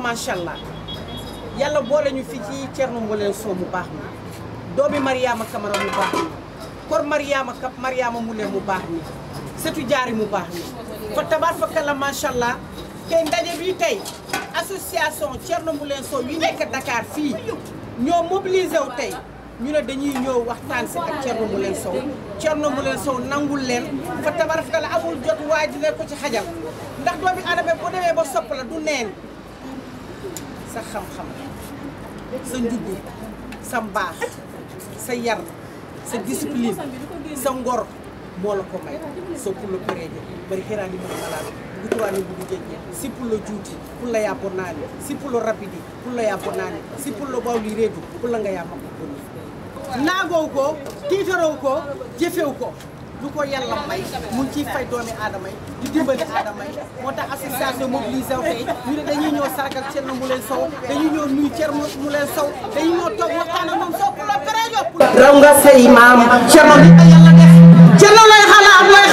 macha allah yàlla boole ñu fi ci Thierno Moule Sow mu baax mi doomi Mariama Camara mu baax mi kor Mariama Kap Mariama Moule mu baax mi setu jaari mu baax mi fa fa kala macha allah tey ndaje bi tey association Thierno Moule Sow yu nekk dakaar fii ñoo mobilisé tey ñu ne dañuy ñëw waxtaan si ak Thierno Moule Sow Thierno Moule Sow nangul leen fa tabaar fa kala amul jot waaj ne ko ci xajal ndax doomi aadama bu demee ba sopp la du neen sa xam-xam sa njubbu sa mbaax sa yar sa discipline sa ngor moo la ko may so pour le perejo bari xiraani mën malaalo guturaani budu jeññe si pour juuti pour la yaa bonaani si pour lo rapidi pour la yaa si pour lo bawli reedu pour nga yaa makko boni naagoo ko tiitarow ko jëfew ko lu ko yàlla may mu ngi ciy fay doomi aadama yi di dimbali aadama yi moo tax association mobilisation yi ñu ne dañuy ñëw sargal Thierno Mouleye Sow dañuy ñëw nuyu Thierno Mouleye Sow dañuy ñëw toog waxtaan ak moom soo pour la raw nga say maam Thierno li nga yàlla def am lay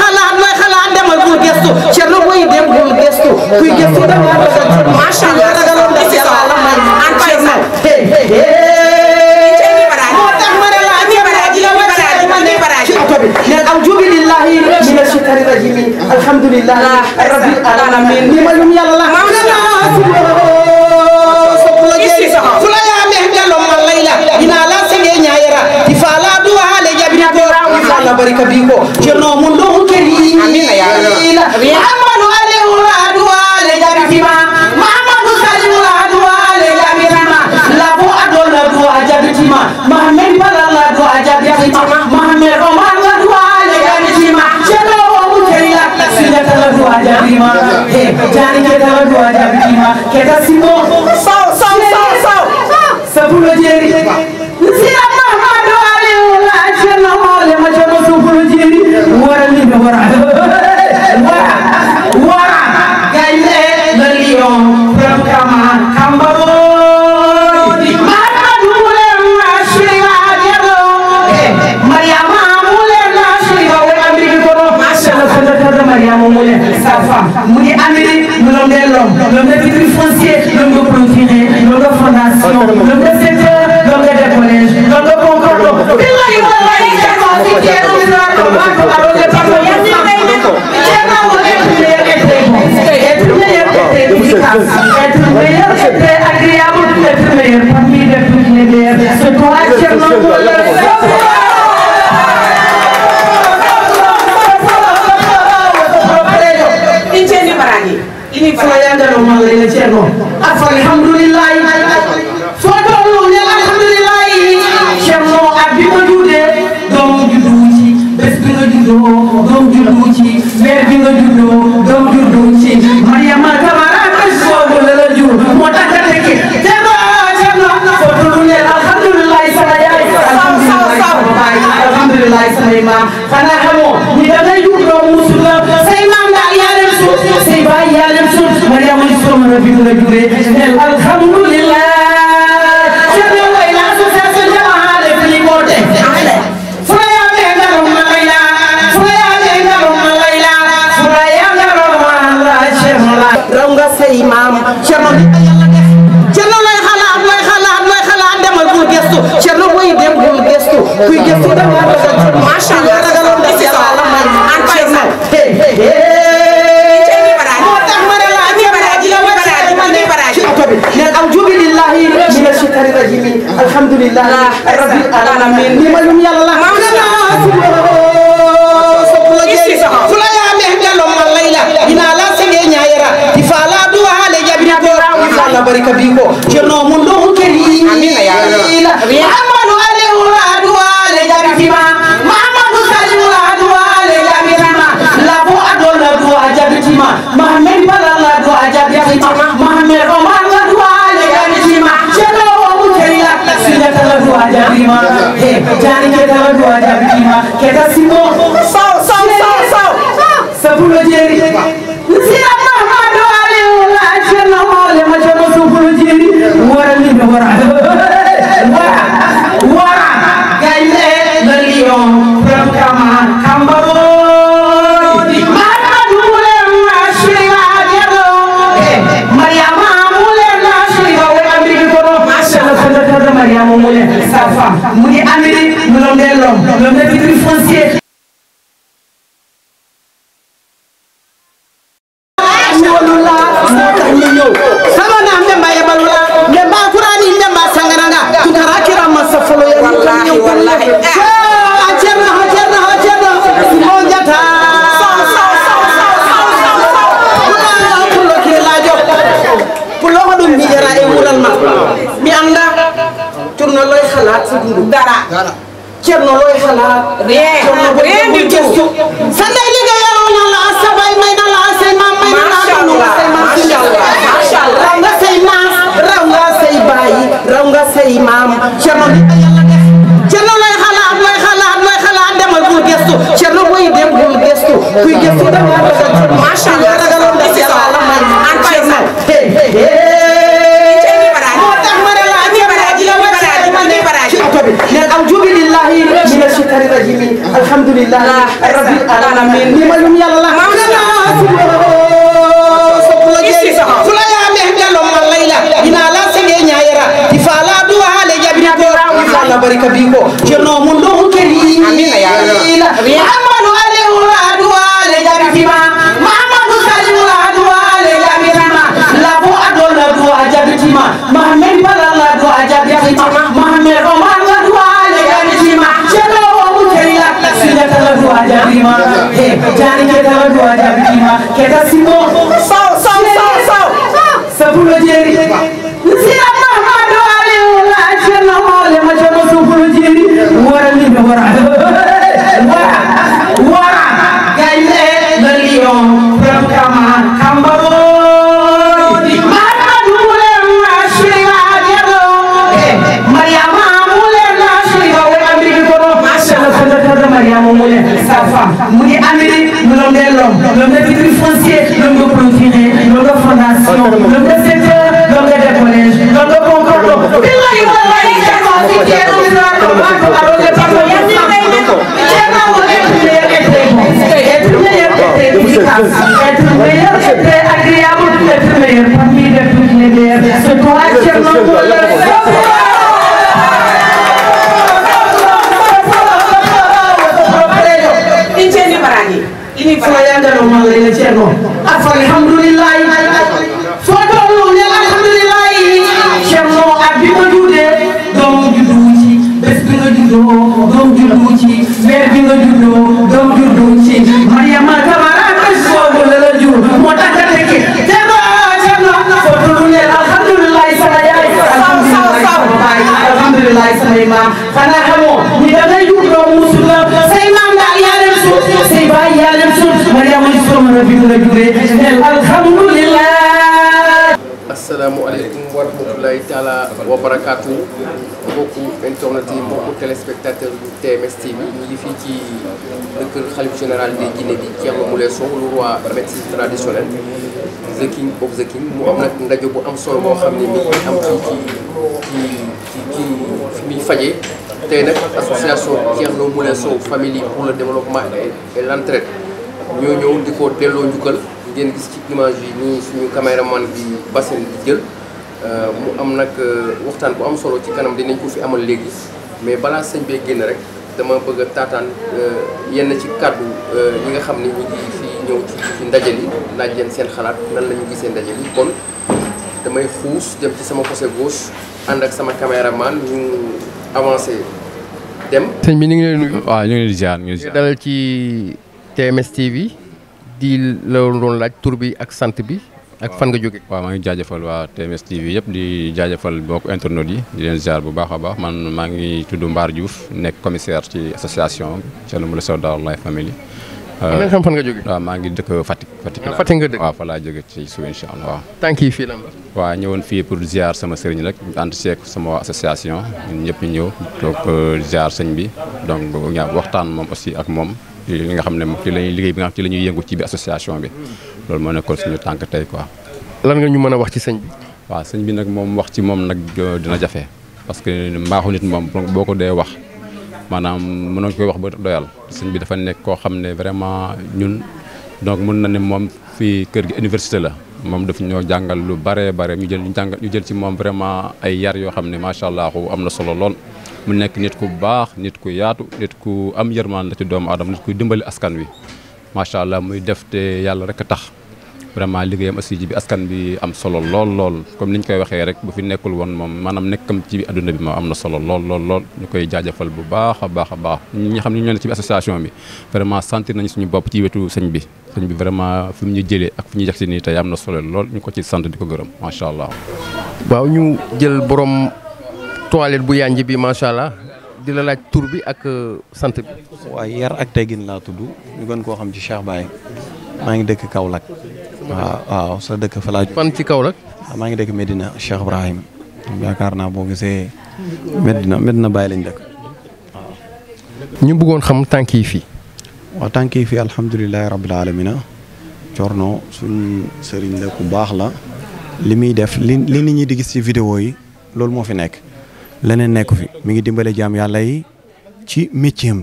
doom juddu ci weer bi nga juddoo doom juddu ci macha allah sa tool bi si soxla en paysane. ceeb bi baraaji moo tax ma ne la ak ceeb baraaji la baraaji man de baraaji. neen aw jubi lillahi ah, mina shaytani rajim alhamdulillahi ah, rabbil ah, alamin ni ma lum yàlla. maam la soxla. fulaya meex delloo ma layla dinaa la sege ñaayara di faalaa du waxaale jabi ko. yàlla barika bii ko. jabima e jani kedawa duwa jabima keda simo saw saw saw saw sabulo jeeri Senhor. maam xanaa xamoo ni da ngay dugg doomu suuf la say maam daal yaa leen suuf say baay yaa leen suuf ma yaa ma suuf ma bi mu la juree alhamdulilah. asalaamualeykum wa rahmatulahi taala wa barakaatu mbokku internet yi mbokku téléspectateur yu TMS TV ñu ngi fii ci kër xalif général de Guinée bi Thierno Moule Sow le roi médecine traditionnelle the king of the king mu am nag ndaje bu am solo boo xam ne mi am fii ci. fajee tey nag association Thierno Moulé Sow famille pour le développement et l'entraide ñoo ñëw di ko delloo njukkal ngeen gis ci image yi nii suñu caméraman bi Bassène di jël euh, mu am nag euh, waxtaan bu am solo ci kanam dinañ ko fi amal léegi mais balaa sëñ bee génn rek dama bëgg a taataan euh, yenn ci kàddu yi nga xam ni ñu ngi fi ñëw ci ndaje li laaj leen seen xalaat nan lañu ñu gisee ndaje li kon damay xuus dem ci sama côté gauche ànd ak sama caméraman ñu avancé dem. sëñ bi ñu ngi leen nuyu. ci TMS TV di la doon laaj tur bi ak sant bi. ak fan nga jóge waaw maa ngi jaajëfal waa TMS TV yëpp di jaajëfal mbokk internautes yi di leen ziar bu baax a baax man maa ngi tuddu Mbar Diouf nekk commissaire ci association Thierno Moule Sow Daroul Laye Family man xam fan nga jóge. waaw maa ngi dëkk Fatick. Fatick laa Fatick nga dëkk waaw fa laa jóge ci suuf incha allah waaw. tànk yi fii lan la. waaw ñëwoon fii pour ziar sama sëriñ rek ànd seek sama association ñun ñëpp ñu ñëw donc euh, ziar sëñ bi donc waxtaan moom aussi ak moom li nga xam ne moom ci la ñuy liggéey bi nga xam ci la ñuy yëngu ci bi association bi loolu moo nekkoon suñu tànk tey quoi. lan nga ñu mën a wax ci sëñ bi. waaw sëñ bi nag moom wax ci moom nag euh, dina jafe parce que mbaaxu nit moom boo ko dee wax maanaam mënoo koy wax ba doyal sëñ bi dafa nekk koo xam ne vraiment ñun donc mun na ne moom fii kër gi université la moom daf ñoo jàngal lu bare bare ñu jël ñu jàngal ñu jël ci moom vraiment ay yar yoo xam ne macha allah am na solo lool. mu nekk nit ku baax nit ku yaatu nit ku am yërmaan la ci doomu aadama nit ku dimbali askan wi macha allah muy def te yàlla rek a tax. vraiment liggéeyam aussi bi askan bi am solo lool lool comme ni ñu koy waxee rek bu fi nekkul woon moom maanaam nekkam ci adduna bi moom am na solo lool lool lool ñu koy jaajëfal bu baax a baax a baax ñi nga xam ne ñoo ne ci association bi vraiment sentir suñu bopp ci wetu sëñ bi bi vraiment fi mu ñu jëlee ak fi ñu jax si nii tey am na solo lool ñu ko ci sant di gërëm macha allah. waaw ñu jël borom toilette bu yànji bi macha allah di la laaj tur bi ak euh, sant bi. waaye yar ak teggin laa tudd ñu gën koo xam ci Cheikh baay maa ngi dëkk Kaolack waaw waaw sa dëkk fa laa ci Kaolack. waaw ah, maa ngi dëkk Medina Cheikh Ibrahim yaakaar naa boo gisee Medina Medina Baye lañ dëkk ñu buggoon xam tànk yi fii. waaw tànk yi fii alhamdulilah rabbil aalamiina Corno suñ sëriñ la ku baax la. li muy def li li ñi di gis ci vidéo yi loolu moo fi nekk leneen nekk fi mu ngi dimbale jaam yàlla yi ci métier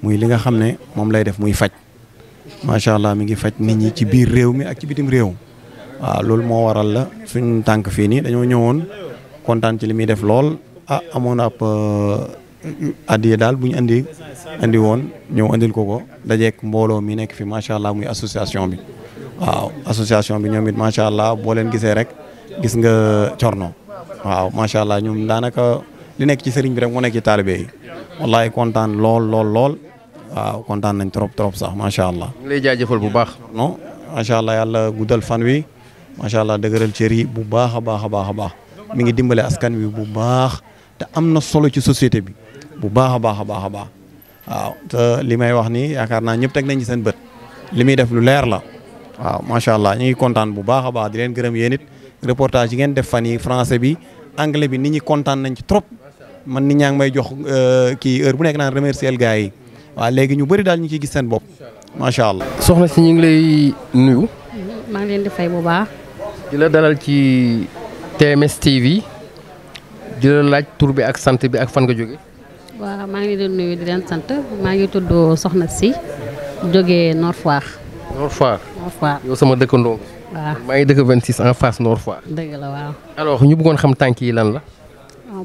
muy li nga xam ne moom lay def muy faj. macha allah mi ngi faj nit ñi ci biir réew mi ak ci bitim réew waaw loolu moo waral la suñ tànk fii nii dañoo ñëwoon kontaan ci li muy def lool ah amoon ab euh, addiye daal bu ñu andi andi woon ñëw andil ko ko dajeek mbooloo mi nekk fi macha allah muy association bi waaw association bi ñoom it macha allah boo leen gisee rek gis nga corno waaw macha allah ñoom daanaka li nekk ci sëriñ bi rek mu nekk ci taalibe yi wallahi kontaan lool lool lool waaw kontaan nañ trop trop sax macha allah. ñu lay jaajëfal bu baax. non macha allah yàlla guddal fan wi macha allah dëgëral cër yi bu baax a baax a baax a baax mi ngi dimbale askan wi bu baax te am na solo ci société bi bu baax a baax a baax a baax waaw te li may wax nii yaakaar naa ñëpp teg nañ ci seen bët li muy def lu leer la waaw macha allah ñu ngi kontaan bu baax a baax di leen gërëm yéen it reportage yi ngeen def fan yi français bi anglais bi nit ñi kontaan nañ ci trop man ni ñaa ngi may jox euh, kii heure bu nekk naan remercier gars yi. waaw léegi ñu bari daal ñu ciy gis seen bopp macha allah. soxna si ñu ngi lay nuyu. maa ngi leen di fay bu baax. di la dalal ci TMS TV di la laaj tur bi ak sant bi ak fan nga jóge waaw maa ngi leen di nuyu di leen sant maa ngi tudd soxna si jógee Nord Foire. Nord Foire Nord yow sama dëkkandoo. waaw maa ngi dëkk 26 en face Nord Foire. dëgg la waaw. ñu buggoon xam tànk yi lan la.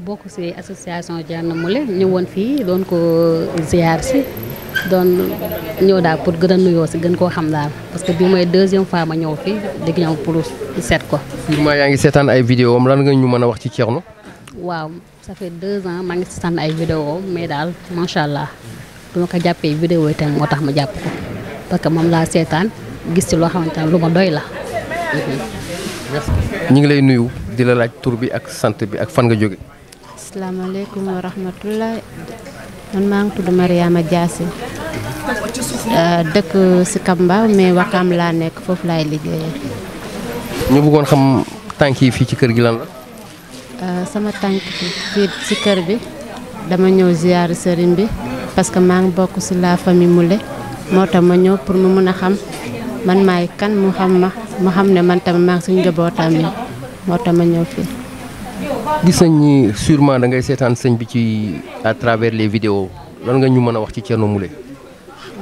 président bokk ci association Diana Moule ñëwoon fii doon ko ziar si doon ñëw daal pour gën a nuyoo si gën koo xam daal parce que bii mooy deuxième fois ma ñëw fii dégg ñëw pour seet ko. sûrement yaa ngi seetaan ay vidéo am lan ñu mën a wax ci Thierno. waaw ça fait deux maa ngi seetaan ay vidéo mais daal macha allah du ko jàppee vidéo yi tamit moo tax ma jàpp ko parce que moom laa seetaan gis ci loo xamante ne lu ma doy la. ñu ngi lay nuyu di laaj tur bi ak sant bi ak fan nga jóge asalaamaaleykum wa rahmatullah man maa ngi tudd Mariama Diassi euh, dëkk si Kamba mais Wakaam laa nekk foofu laay liggéeyee. ñu bëggoon xam tànk fii ci kër gi lan la. Euh, sama tànk fii si kër bi dama ñëw ziyaar sëriñ bi parce que maa ngi bokk si la famille Moule moo tax ma ñëw pour mu mën a xam man maay kan mu xam ma mu xam ne man tamit maa ngi suñu njabootam yi moo tax ma ñëw fii. gis nañ ni sûrement da ngay seetaan sëñ bi ci à le les vidéos nga ñu mën a wax ci Thierno Moule.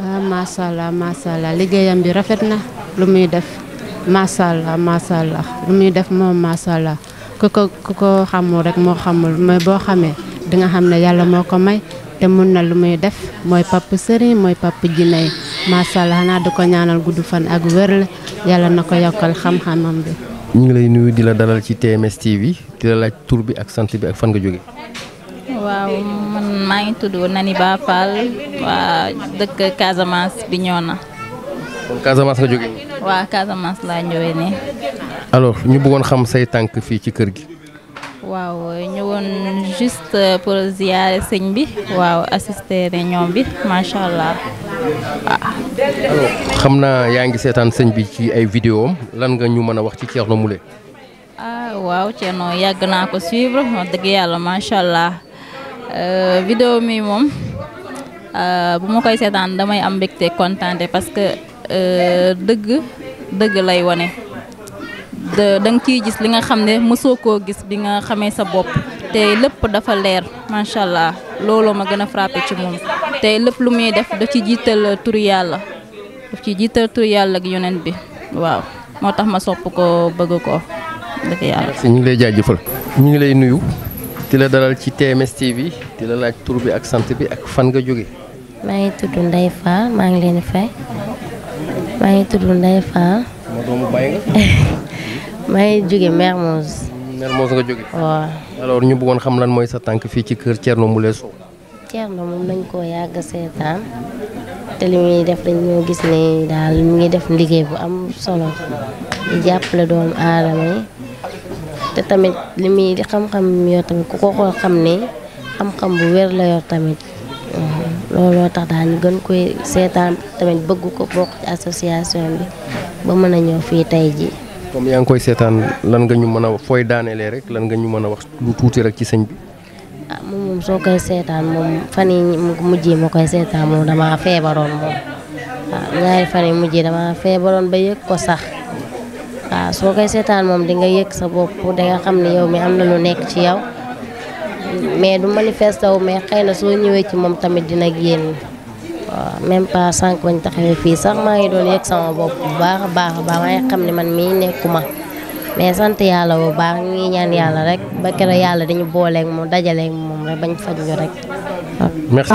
ah macha allah macha allah liggéeyam bi rafet na lu muy def macha allah lu muy def moom macha allah ko ku ko xamul rek moo xamul mais boo xamee di nga xam ne yàlla moo ko may te mun na lu muy def mooy papp sëriñ mooy papp jinay macha allah naa di ko ñaanal gudd fan ak wér la yàlla na ko yokkal xam-xamam bi. ñu ngi lay nuyu di la dalal ci TMS TV di la laaj tur bi ak sant bi ak fan nga jóge waaw maa ngi tudd Nani Ba Fall waa dëkk Casamance bi ñoo na. kon Casamance nga jóge waa Casamance laa ñëwee ne. alors ñu buggoon xam say tànk fii ci kër gi. waaw ñëwoon juste pour ziyaare sëñ bi waaw assister ñoom bi macha allah alors xam naa yaa ngi seetaan sëñ bi ci ay video am lan nga ñu mën a wax ci Thierno Moule. ah waaw Thierno yàgg naa ko suivre wax dëgg yàlla macha allah euh, vidéo mi moom euh, bu ma koy seetaan damay am mbégte kontaante parce que euh, dëgg dëgg lay wane. da nga ciy gis li nga xam ne mosoo koo gis bi nga xamee sa bopp te lépp dafa leer macha allah looloo ma gën a frappé ci moom. te lépp lu muy def daf ci jiital turu yàlla ci jiital ak yonent bi waaw moo tax ma sopp ko bëgg ko dëgg yàlla. ñu ngi lay jaajëfal ñu ngi lay nuyu di la dalal ci TMS TV di la laaj tur bi ak sant bi ak fan nga jóge maa ngi tudd Ndeye Fall maa ngi leen maa ngi tudd Ndeye ngi jóge Mermoz. Mermoz nga jóge. waaw alors ñu buggoon xam lan mooy sa tànk fii ci kër Thierno Moule Sow. Thierno moom lañ koo yàgg seetaan te li muy def dañoo gis ne daal mu ngi def liggéey bu am solo di jàppale doomu aadama yi te tamit li muy xam-xam yoo tamit ku ko ko xam ni xam-xam bu wér la yor tamit looloo tax daal gën koy seetaan tamit bëgg ko bokk ci association bi ba mën a ñëw fii tey ji comme yaa ngi koy seetaan lan nga ñu mën a fooy daanelee rek lan nga ñu mën a wax lu tuuti rek ci sëñ bi ah moom soo koy seetaan moom fan yii mujj yi ma koy seetaan moom damaa feebaroon moom waaw ah, ñaari fan yii mujj yi damaa feebaroon ba yëg ko sax waaw ah, soo koy seetaan moom di nga yëg sa bopp da xam ne yow mi am na lu nekk ci yow mais du manifesté wu mais xëy na soo ñëwee ci moom tamit dina génn waaw même pas sànq bañ taxawee fii sax maa ngi doon yëg sama bopp bu baax a baax a baax maa ngi xam ne man mii nekkuma. mais sant yàlla bu baax ñu ngi ñaan yàlla rek ba keroog yàlla dañu booleek moom dajaleek moom rek bañ faj ñu rek. merci.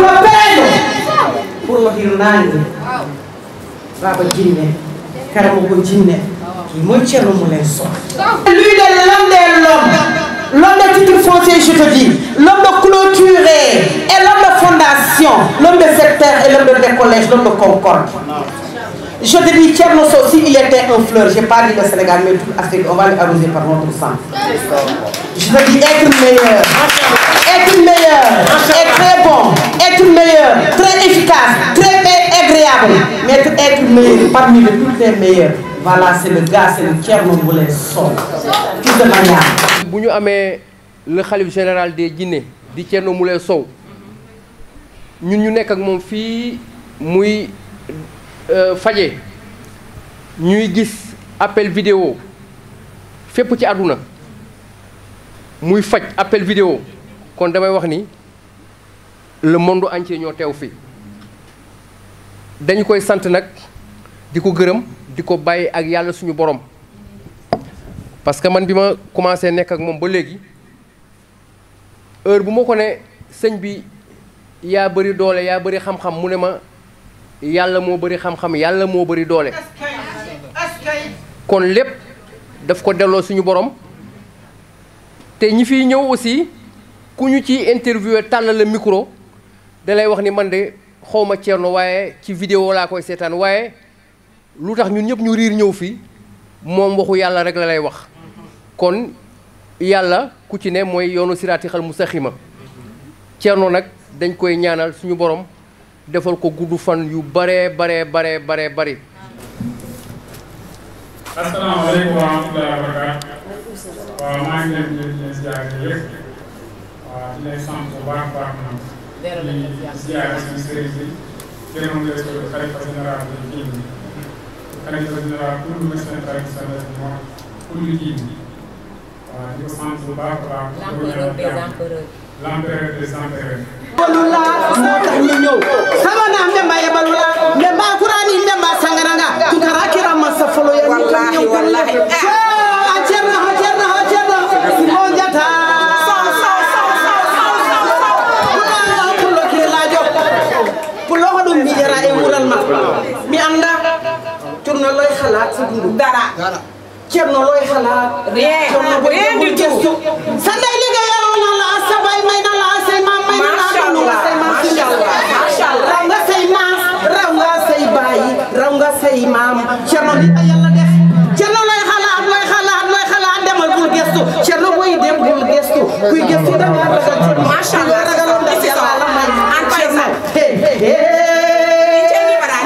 mapendo pour mapirunangi baba jinne karamo ko jinne kimo ceerno mulen so lui de l'homme des l'homme l'homme de titre foncier je te dis l'homme de clôture et l'homme de fondation l'homme de secteur et l'homme de décollège l'homme de concorde Je te dis, Thierno aussi, il était un fleur. Je n'ai pas Sénégal, mais toute Afrique, on va l'arroser par notre sang. Je te dis, être meilleur. Être meilleur. Être très bon. Être meilleur. Très efficace. Très agréable. Mais être meilleur parmi les toutes les meilleurs. Voilà, c'est le gars, c'est le Thierno Moulin Sol. Tout de manière. Si nous avons général de Guinée, di Thierno Moulin Sow, ñun ñu nekk ak moom fii muy Euh, faje ñuy gis appel vidéo fépp ci àdduna muy faj appel vidéo kon damay wax ni le monde entier ñoo teew fii dañu koy sant nag di ko gërëm di ko bàyyi ak yàlla suñu borom parce que man bi ma commencé nekk ak moom ba léegi heure bu ma ko ne sëñ bi yaa bëri doole yaa bari xam-xam mu ne ma yàlla moo bari xam-xam yàlla moo bari doole kon lépp daf ko delloo suñu borom te ñi fiy ñëw aussi ku ñu ci interviewé tànn la micro dalay wax ni man de xawma Thierno waaye ci vidéo laa koy seetaan waaye lu tax ñun ñëpp ñu riir ñëw fii moom waxu yàlla rek la lay wax kon yàlla ku ci ne mooy yoonu siraati xal mustaxima Thierno nag dañ koy ñaanal suñu borom defal ko gudd fan yu bare bare bare baree bëri. asalaamaaleykum waaw maa ngi leen di leen di leen ziar yëpp. waaw di sant bu baax baax naam. di ziar suñu sëriñ bi. nga leen xalifa général bi kii bi. xalifa général pour ñu mën seen xalifa général bi moom pour ñu kii bi. waaw di ko sant bu baax a baax. l'enterré des enterrés balu laa moo tax ñu ñëw sabana mbemba ye balu laa mbemba kurani mbemba sangaranga tukara kira masa folo ya wallahi wallahi acerna ha cerna ha cerna mo jata pulo ko ɗum mbiyara e mural ma mi anda curno loy halat so dundu dara ceerno loy halat rien rien du tout maam cerno li la yàlla def cerno looy xalaat looy xalaat looy xalaat demal bul gestu cerno booy dem bul gestu kuy gestu da nga ragal cerno macha allah ragaloon def yàlla la may cerno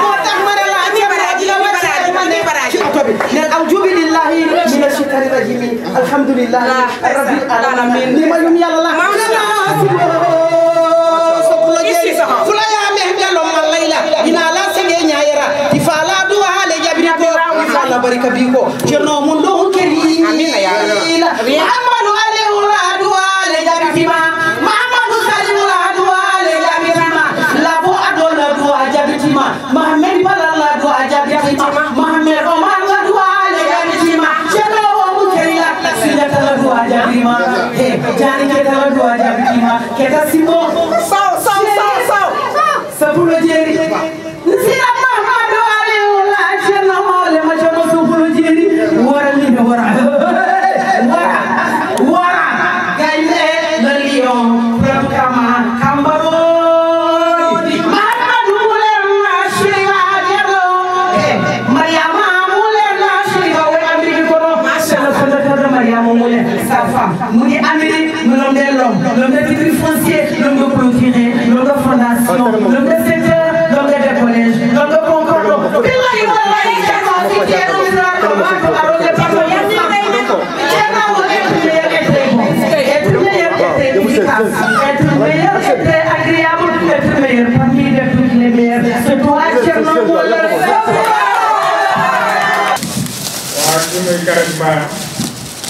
moo tax ma ne laa cerno ma ne ci oto bi ne aw jubi lillahi mina shitani rajimi alhamdulillahi ah, rabbil alamin ni ma yum yàlla la bi ko Thierno lycée la nga clôturé la nga fondation la nga secteur la nga de collège la nga concordo billahi wallahi jamaa si jeena mi sa ko ma ko aro le pato ya sa jamaa wo et meilleur et très bon être meilleur et très efficace être meilleur et très agréable être meilleur parmi de toutes les meilleurs c'est toi Thierno Moule waaw ci muy Karim Ba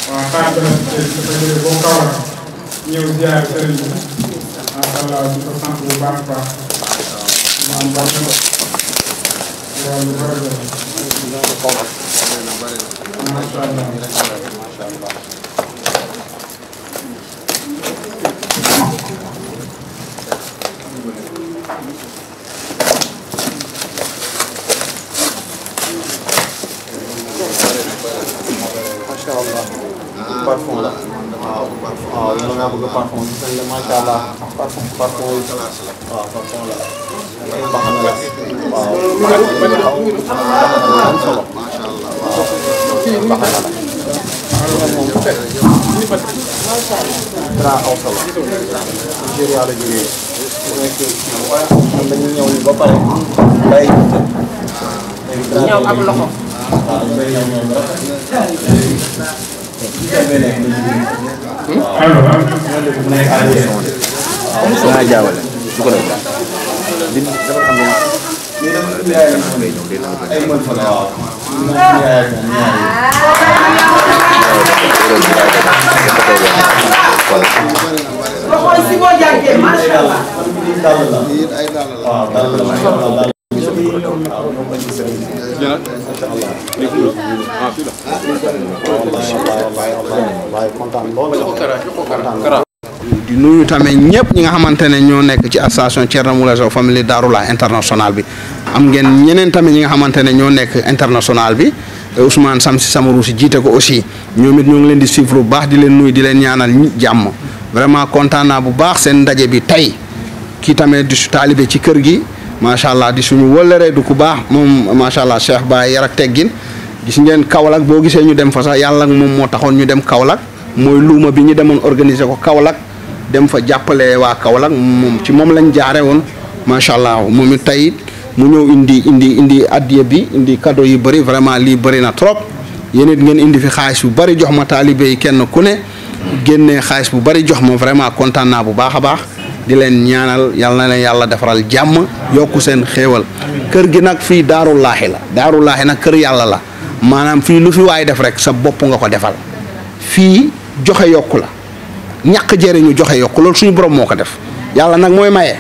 waaw xaar dana ci sa ñëw ziar sëriñ bi allah di ko sant bu baax a baax. maam baax na. waaw lu bëri la. macha allah. macha allah. parfum la. waaw da ngaa bëgg parfum bi seen la macha allah parfum parfum yi waaw parfum la ay mbaxana la waaw am solo waaw mbaxana la dara aw solo Nigéria la jógee mu nekk man dañuy ñëw ba pare bay ñëw am loxo waaw waaw jaawale du ko def daal. li dafa am ay mën fa la ah, di nuyu tamit ñëpp ñi nga xamante ne ñoo nekk ci association Thierno Moule Sow Family Daroula international bi am ngeen ñeneen tamit ñi nga xamante ne ñoo nekk international bi euh, Ousmane Samsi Samarou si jiite ko aussi ñoom it ñoo ngi leen di suivre bu baax di leen nuyu di leen ñaanal jàmm vraiment kontaan bu baax seen ndaje bi tey kii tamit di ci kër gi. macha allah di suñu wëllëree du ku baax moom macha allah Cheikh Ba yar teggin gis ngeen Kaolack boo gisee ñu dem fa sax yàlla moom moo taxoon ñu dem Kaolack mooy luuma bi ñu demoon organiser ko Kaolack dem fa jàppale waa Kaolack moom ci moom lañ jaare woon macha allah moom it tey mu ñëw indi indi indi addiya bi indi cadeau yu bëri vraiment lii bëri na trop yéen it ngeen indi fi xaalis bu bëri jox ma taalibe yi kenn ku ne génne xaalis bu bari jox ma vraiment kontaan naa bu baax a baax. di leen ñaanal yal na leen yàlla defaral jàmm yokk seen xéewal kër gi nag fii daaru laaxi la daaru laaxi nag kër yàlla la maanaam fii lu fi waay def rek sa bopp nga ko defal fii joxe yokku la ñàkk jëriñu joxe yokku loolu suñu borom moo ko def yàlla nag mooy maye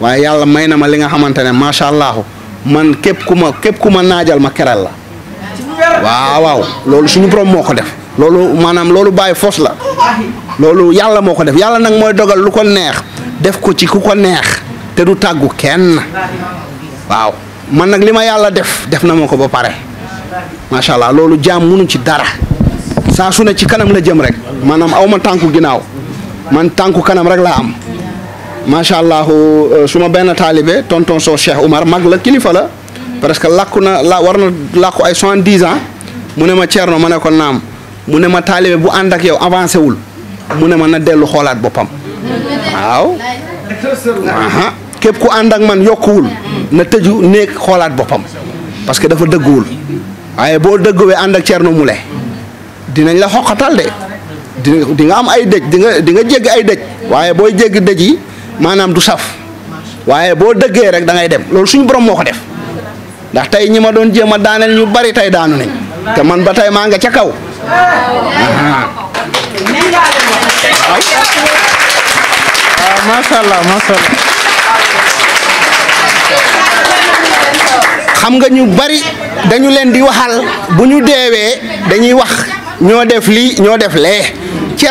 waaye yàlla may na ma li nga xamante ne macha allah man képp ku ma képp ku ma naajal ma keral la waaw loolu suñu borom moo ko def loolu maanaam loolu bàyyi foos la loolu yàlla moo ko def yàlla nag mooy dogal lu ko neex. def ko ci ku ko neex te du tàggu kenn waaw man nag li ma yàlla def def na ma ko ba pare macha allah loolu jaam munuñ ci dara saa su ne ci kanam la jëm rek maanaam aw ma tànku ginnaaw man tànku kanam rek laa am macha allah euh, su ma benn taalibe tonton soo Cheikh Umar mag la kilifa la parce que làkku na la war na làkku ay soixante-dix ans mu ne ma Thierno ma ne ko naam mu ne ma taalibe bu ànd ak yow avancé wul mu ne ma na dellu xoolaat boppam. waaw. képp ku ànd ak man yokkuwul. na tëju néeg xoolaat boppam. parce que dafa dëgguwul. waaye boo dëgguwee ànd ak na mu le dinañ la xoqatal de. di di nga am ay dëj di nga di nga jéggi ay dëj. waaye booy jéggi dëj yi maanaam du saf. waaye boo dëggee rek da ngay dem loolu suñu borom moo ko def. ndax tey ñi ma doon jéem a daaneel ñu bari tey daanu nañ. te man ba tey maa nga ca kaw. macha allah macha xam nga ñu bari dañu leen di waxal bu ñu deewee dañuy wax ñoo def li ñoo def lee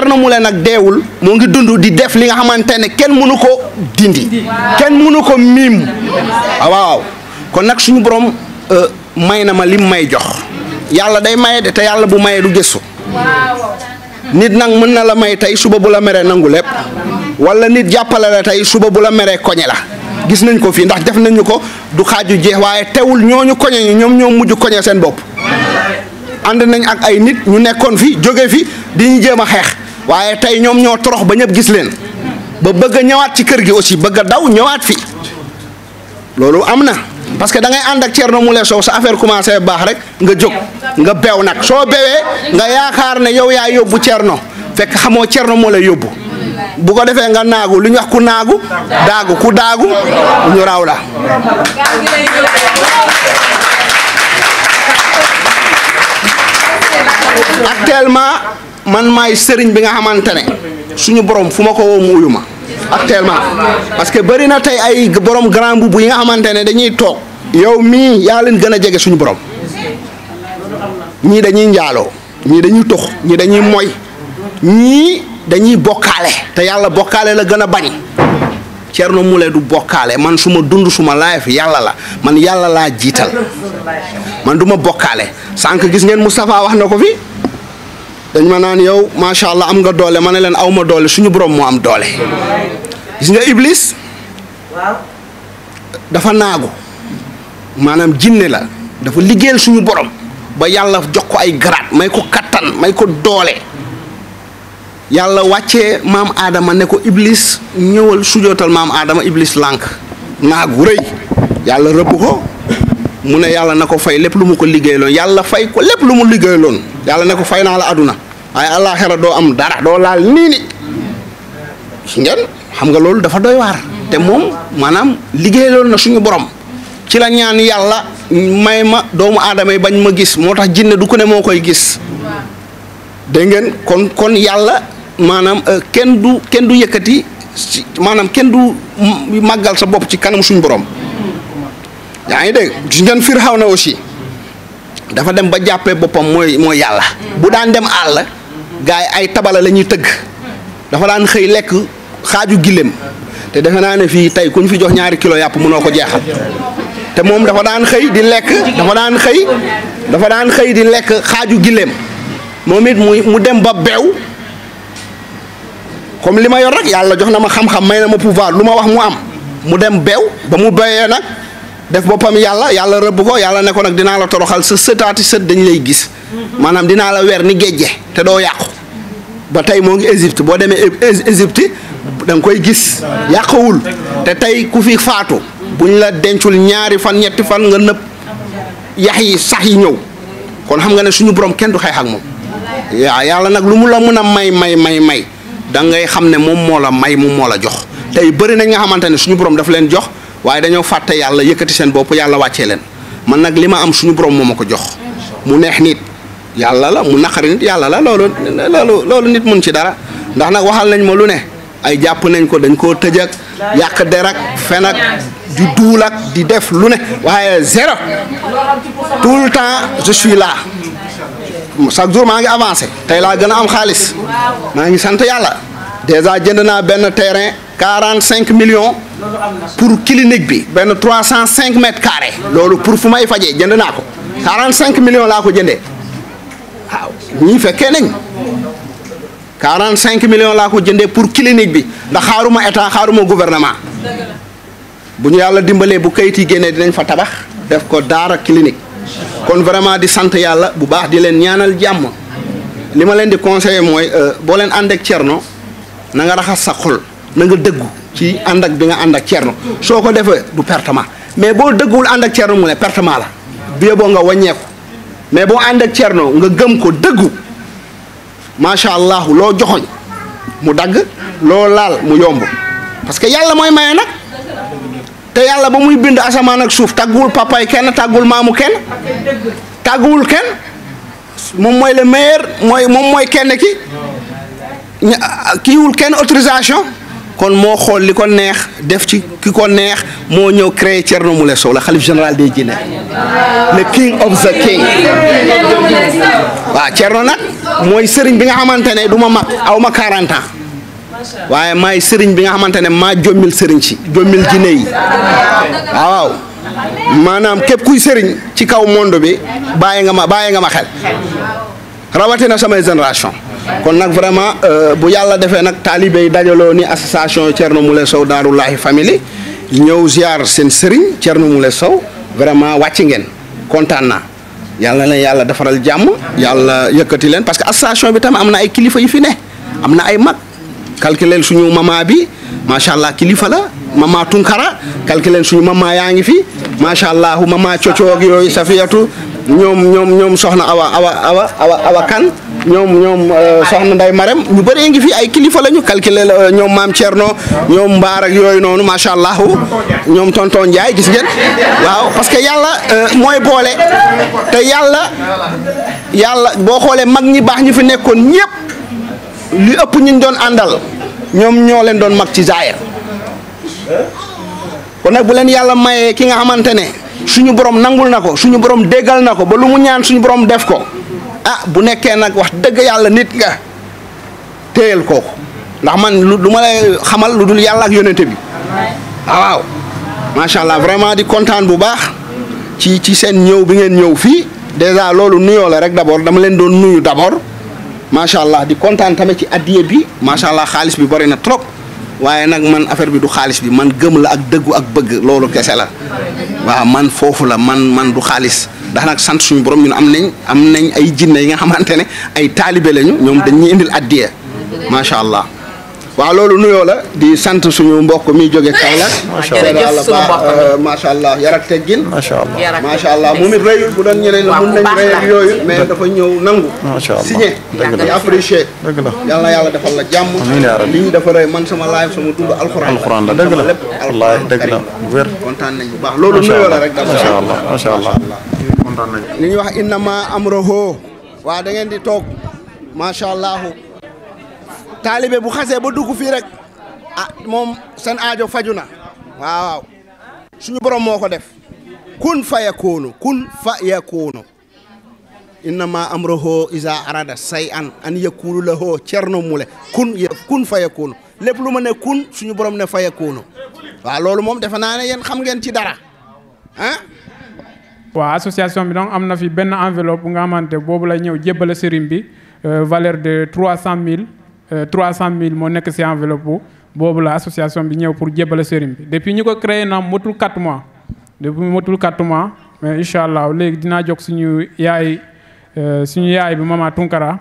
na mu leen nag deewul moo ngi dund di def li nga xamante ne kenn mënu ko dindi kenn mënu ko miim ah, waaw kon nag suñu borom euh, may na ma lim may jox yàlla day maye de te yàlla bu maye du gëstu nit nag mën na la may tey suba bu la meree nangu lépp. wala nit jàppale la tey suba bu la meree koñe la gis nañ ko fii ndax def nañu ko du xaaju jeex waaye ñoo ñu koñe ñu ñoom ñoo mujj koñe seen bopp ànd nañ ak ay nit ñu nekkoon fi jóge fi di ñu jéem a xeex waaye tey ñoom ñoo torox ba ñëpp gis leen ba bëgg a ñëwaat ci kër gi aussi bëgg a daw ñëwaat fi loolu am na parce que da ngay ànd ak Thierno Moule Sow sa affaire commencé baax rek nga jóg nga beew nag soo bewee nga yaakaar ne yow yaay yóbbu Thierno fekk xamoo Thierno moo lay yóbbu bu ko defee nga naagu lu ñu wax ku naagu daagu ku daagu ñu raw la man maay sëriñ bi nga xamante ne suñu borom fu ma ko woo mu uyu ma actuellement parce que bëri na tey ay borom grand mbubb yi nga xamante ne dañuy toog yow mii yaa leen gën a jege suñu borom ñii dañuy njaaloo ñii dañuy tox ñii dañuy moy ñii dañuy bokkaale te yàlla bokkaale la gën a bañ mu Moule du bokkaale man suma dund suma ma laay fi yàlla la man yàlla laa jiital man du ma bokkaale sànq gis ngeen Moustapha wax na ko fi dañ ma naan yow macha allah am nga doole ma ne leen aw ma doole suñu borom moo am doole. gis nga Iblis. dafa naagu maanaam jinne la dafa liggéeyal suñu borom ba yàlla jox ko ay garaat may ko kattan may ko doole. yàlla wàcce maam aadama ne ko iblis ñëwal sujootal maam aadama iblis lànk naagu rëy yàlla rëbb ko mu ne yàlla na ko fay lépp lu mu ko liggéeyloon yàlla fay ko lépp lu mu liggéeyloon yàlla ne ko fay naa la àdduna waaye àllaaxira doo am dara doo laal nii ni ngeen xam nga loolu dafa doy waar te moom maanaam liggéeyloon na suñu borom ci la ñaan yàlla may ma doomu aadama yi bañ ma gis moo tax jinne du ko ne moo koy gis dégg ngeen kon kon yàlla maanaam euh, kenn du kenn du yëkkati maanaam kenn du màggal sa bopp ci kanam suñ borom yaa ngi de dégg gis xaw Firawna aussi dafa dem ba jàppee boppam mooy mooy yàlla bu daan dem àll gars yi ay tabala lañuy tëgg dafa daan xëy lekk xaaju giléem te defe naa ne fii tey ku fi jox ñaari kilo yàpp mënoo ko jeexal te moom dafa daan xëy di lekk dafa daan xëy dafa daan xëy di lekk xaaju giléem moom it muy mu dem ba beew comme li ma yor rek yàlla jox na ma xam-xam may na ma pouvoir lu ma wax mu am mu dem beew ba mu béyee nag def boppam yàlla yàlla rëbb ko yàlla ne nag dinaa la toroxal sa sëtaati sët dañ lay gis maanaam dinaa la weer ni géejje te doo yàqu ba tey moo ngi Égypte boo demee Égypte danga koy gis yàqawul te tey ku fi faatu buñ la dencul ñaari fan ñetti fan nga nëb yax yi sax yi ñëw kon xam nga ne suñu borom kenn du xeex ak moom yàlla nag lu mu la mën a may may may may da ngay xam ne moom moo la may moom moo la jox tey bari nañ nga xamante ne suñu borom daf leen jox waaye dañoo fàtte yàlla yëkkati seen bopp yàlla wàccee leen man nag li ma am suñu borom moo ma ko jox mu neex nit yàlla la mu naqari nit yàlla la loolu loolu loolu nit mun ci dara ndax nag waxal nañ ma lu ne ay jàpp nañ ko dañ koo tëj ak yàq der ak fen ak di duul ak di def lu ne waaye zéro tout le temps je chaque jour maa ngi avancé tey laa gën a am xaalis maa ngi sant yàlla déjà jënd naa benn terrain quarante cinq millions pour clinique bi benn trois cent cinq mètres loolu pour fu may fajee jënd naa ko quarante cinq millions laa ko jëndee waaw ñii fekkee nañ quarante cinq millions laa ko jëndee pour clinique bi ndax xaaruma état xaaruma gouvernement bu ñu yàlla dimbalee bu kayit yi génnee dinañ fa tabax def ko daara clinique kon vraiment di sant yàlla bu baax di leen ñaanal jàmm li ma leen di conseiller mooy euh, boo leen ànd ak cerno na nga raxas sa xol na nga dëggu ci ànd ak bi nga ànd ak cerno soo ko defee du pertement mais boo dëgguwul ànd ak cerno mu ne pertement la bie boo nga wàññeeku mais boo ànd ak cerno nga gëm ko dëggu macha allah loo joxoñ mu dagg loo laal mu yomb parce yàlla mooy maye nag te yàlla ba muy bind asamaan ak suuf tàgguwul papaay kenn tàgguwul maamu kenn tàgguwul kenn moom mooy le meilleur moom mooy kenn ki kiiwul kenn autorisation kon moo xool li ko neex def ci ki ko neex moo ñëw créé Thierno Moule Sow la xalif général des jinne le king of the king waaw Thierno nag mooy sëriñ bi nga xamante ne du ma mag aw ma 40 waaye maay sëriñ bi nga xamante ne maa jommil sëriñ si jommil jinne yi waaw maanaam képp kuy sëriñ ci kaw monde bi bàyyi nga ma bàyyi nga ma xel rawatina samay génération kon nag vraiment euh, bu yàlla defee nag taalibe yi dajaloo ni association Thierno Moule Sow Daarulahi Family ñëw ziar seen sëriñ Thierno Moule Sow vraiment wàcc ngeen kontaan naa yàlla na yàlla defaral jàmm yàlla yëkkati leen parce que association bi tam am na ay kilifa yu fi ne am na ay mag. calculeel suñu mama bi macha allah kilifa la mama Tunkara calculeel suñu mama yaa ngi fi macha allah mama cocoog yooyu Safiyatu ñoom soxna awa awa awa awa awa kan ñoom ñoom euh, soxna nday marem ñu bëree ngi fi ay kilifa lañu calculé euh, ñoom maam Thierno ñoom mbaar ak noonu macha allah ñoom tonton Ndiaye gis ngeen waaw parce que yàlla euh, mooy boole te yàlla yàlla boo xoolee mag ñi baax ñu fi nekkoon ñëpp. li ëpp ñu doon àndal ñoom ñoo leen doon mag ci zaahir kon nag bu leen yàlla mayee ki nga xamante ne suñu borom nangul na ko suñu borom déggal na ko ba lu mu ñaan suñu borom def ko ah bu nekkee nag wax dëgg yàlla nit nga téyel kooku ndax man lu ma lay xamal lu dul yàlla ak yonente bi ah, waaw macha allah vraiment di kontaan bu baax ci ci seen ñëw bi ngeen ñëw fii dèjà loolu nuyoo la rek d' abord dama leen doon nuyu d' abord macha allah di kontaan tamit ci addiye bi macha allah xaalis bi bari na trop waaye nag man affaire bi du xaalis bi man gëm la ak dëggu ak bëgg loolu kese la waaw man foofu la man man du xaalis ndax nag sant suñu borom ñun am nañ am nañ ay jinne yi nga xamante ne ay taalibe lañu ñoom dañ ñuy indil addiye macha allah. waa loolu nuyoo la di sant suñu mbokk mi jóge Kaolack. Euh, macha allah yar ak teggin. macha allah macha allah moom it rëyul bu doon ñeneen mun nañ rëy ak yooyu mais dafa ñëw nangu. macha allah signé di apprécier. dëgg la yal na yàlla defal la jàmm. amiin li ñu dafa rëy man sama laay sama dund alxuraan. alxuraan la dëgg la wallaay dëgg la wér. kontaan nañ bu baax loolu nuyoo la rek. macha allah macha allah kontaan nañ. li ñuy wax innama amroho. waa da ngeen di toog macha allah. taalibe bu xasee ba dugg fii rek ah moom seen aajo faju na waaw suñu borom moo ko def kun fa yakoonu kun fa yakoonu am amruhu iza arada shay'an an an yakulu lahu cerno mule kun kun fa yakoonu lépp lu ma ne kun suñu borom ne fa yakoonu waaw loolu moom defe naa ne yéen xam ngeen ci dara ah waaw association bi donc am na fi benn enveloppe bu nga xamante boobu lay ñëw jébbale sëriñ bi euh, valeur de trois cent mille Euh, trois cent mille moo nekk si enveloppe bu boobu la association bi ñëw pour jébbale sëriñ bi depuis ñu ko créé na motul quatre mois depuis motul quatre mois mais incha allah léegi dinaa jox suñu yaay euh, suñu yaay bi mama Tunkara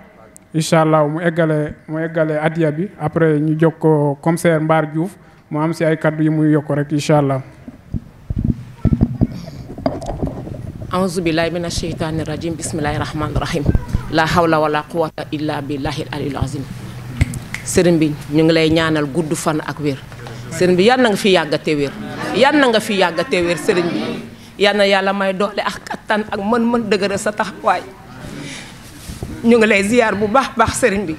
incha allah mu eggale mu eggale adiya bi après ñu jox ko commissaire Mbaar Diouf mu am si ay kaddu yi muy yokk rek incha allah. aouzu billahi mina sheytaani rajim bismillahi rahmaani rahim la hawla wala quwata illa billahi al alil sëriñ bi ñu ngi lay ñaanal gudd fan ak wér sëriñ bi yal na nga fi yàggate wér yal na nga fi yàggate wér sëriñ bi yal na yàlla may doole ak kattan ak mën-mën dëgëral sa taxawaay ñu ngi lay ziar bu baax baax sëriñ bi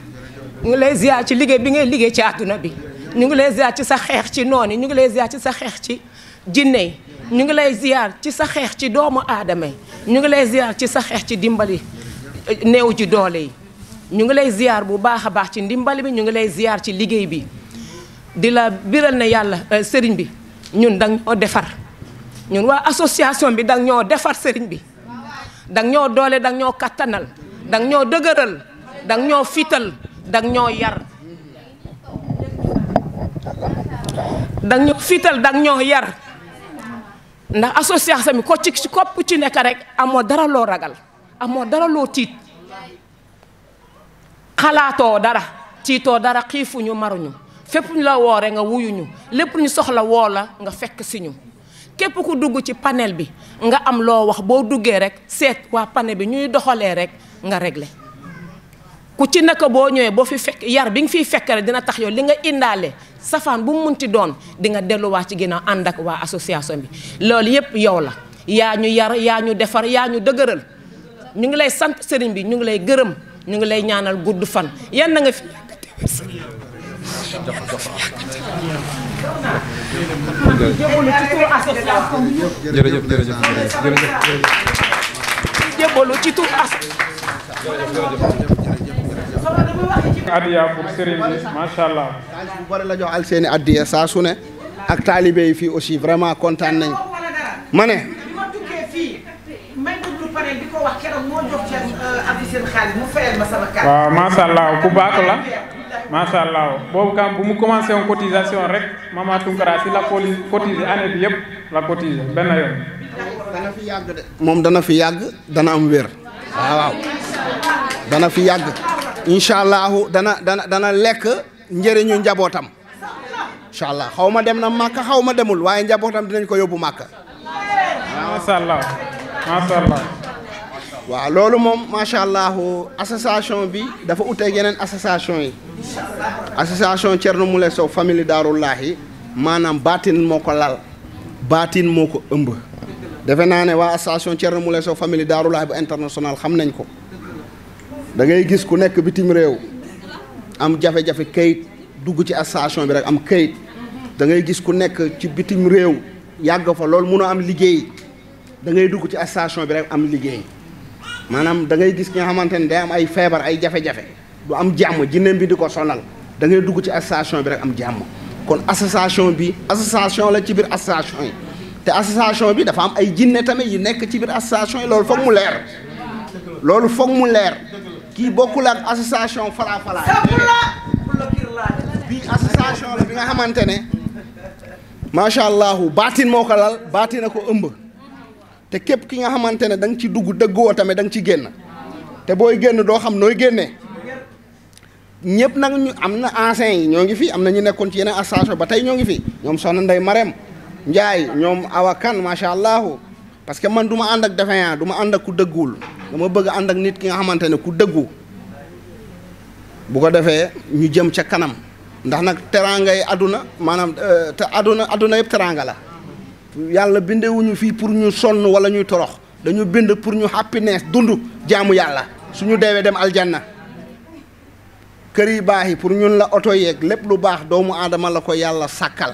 ñu ngi lay ziar ci liggéey bi ngay liggéey ci àdduna bi ñu ngi lay ziar sa xeex ci noon yi ñu ngi lay ziar ci sa xeex ci jinne ñu ngi lay ziar ci sa xeex ci doomu aadama yi ñu ngi lay ziar ci sa xeex ci dimbali néew ci doole yi ñu ngi lay ziar bu baax a baax ci ndimbali bi ñu ngi lay ziar ci liggéey bi di la biral na yàlla euh, sëriñ bi ñun dang ñoo defar ñun waa association bi dang ñoo defar sëriñ bi dang ñoo doole dang ñoo kattanal dang ñoo dëgëral dang ñoo fital dang ñoo yar dang ñoo fital dang ñoo yar ndax association bi ko ci ci kopp ci nekk rek amoo dara loo ragal amoo dara loo tiit xalaatoo dara tiitoo dara xiifuñu maruñu fépp ñu la woore nga wuyuñu lépp ñu soxla woo la nga fekk si ñu képp ku dugg ci paneel bi nga am loo wax boo duggee rek seet waa panel bi ñuy doxalee rek nga regle ku ci naka boo ñëwee boo fi fekk yar bi nga fiy fekk rek dina tax yow li nga indaale safaan bu mu munti doon di nga delluwaat ci ginnaaw ànd ak waa association bi loolu yëpp yow la yaa ñu yar yaa ñu defar yaa ñu dëgëral ñu ngi lay sant sëriñ bi ñu ngi lay gërëm ñu ngi lay ñaanal gudd fan yan na nga fi jërëjëf jërëjëf jébbalu ci tur as addiya pour sëriñ bi macha allah bu jox al seeni addiya saa su ne ak taalibe yi fii aussi vraiment kontaan nañ Euh, waaw macha allah ku baax la macha allah boobu kam bu mu commencé woon cotisation rek Mama Tunkara si la cotisé année bi yëpp la cotisé benn yoon. dana fi yàgg de moom dana fi yàgg dana am wér. waaw dana fi yàgg. incha allahu dana dana dana lekk njëriñu njabootam incha allah xaw ma dem na màkka xaw ma demul waaye njabootam dinañ ko yóbbu màkka. macha allah macha allah. waaw loolu moom macha allah association bi dafa uteeg yeneen association yi association Thierno Moule Sow famille Daarullahi maanaam baatin moo ko lal baatin moo ko ëmb defe naa ne waa association Thierno Moule Sow famille Daarullahi bu international xam nañ ko da ngay gis ku nekk bitim réew am jafe-jafe kayit dugg ci association bi rek am kayit da ngay gis ku nekk ci bitim réew yàgg fa loolu mun mënoo am liggéey da ngay dugg ci association bi rek am liggéey maanaam da ngay gis ki nga xamante ne day am ay feebar ay jafe-jafe du am jàmm jinneem bi di ko sonal dangay dugg ci association bi rek am jàmm kon association bi association la ci biir association yi te association bi dafa am ay jinne tamit yu nekk ci biir association yi loolu foog mu leer loolu foog mu leer kii bokkul ak association fala fala bii association la bi nga xamante ne macha allah baatin moo ko lal baatin a ko ëmb te képp ki nga xamante ne da nga ci dugg dëggoo tamit danga nga ci génn te booy génn doo xam nooy génne ñëpp nag ñu am na anciens yi ñoo ngi fii am na ñu nekkoon ci yeneen association ba tey ñoo ngi fi ñoom soxna Ndeye Marème Ndiaye ñoom Awa Kane macha allah parce que man du ma ànd ak défaillant du ma ànd ak ku dëgguwul dama bëgg ànd ak nit ki nga xamante ne ku dëggu bu ko defee ñu jëm ca kanam ndax nag teraangay àdduna maanaam euh, te àdduna àdduna yëpp teraanga yàlla bindewuñu fii pour ñu sonn wala ñuy torox dañu bind pour ñu happiness dund jaamu yàlla suñu deewee dem aljanna kër yi baax yi pour ñun la oto yeeg lépp lu baax doomu aadama la ko yàlla sàkkal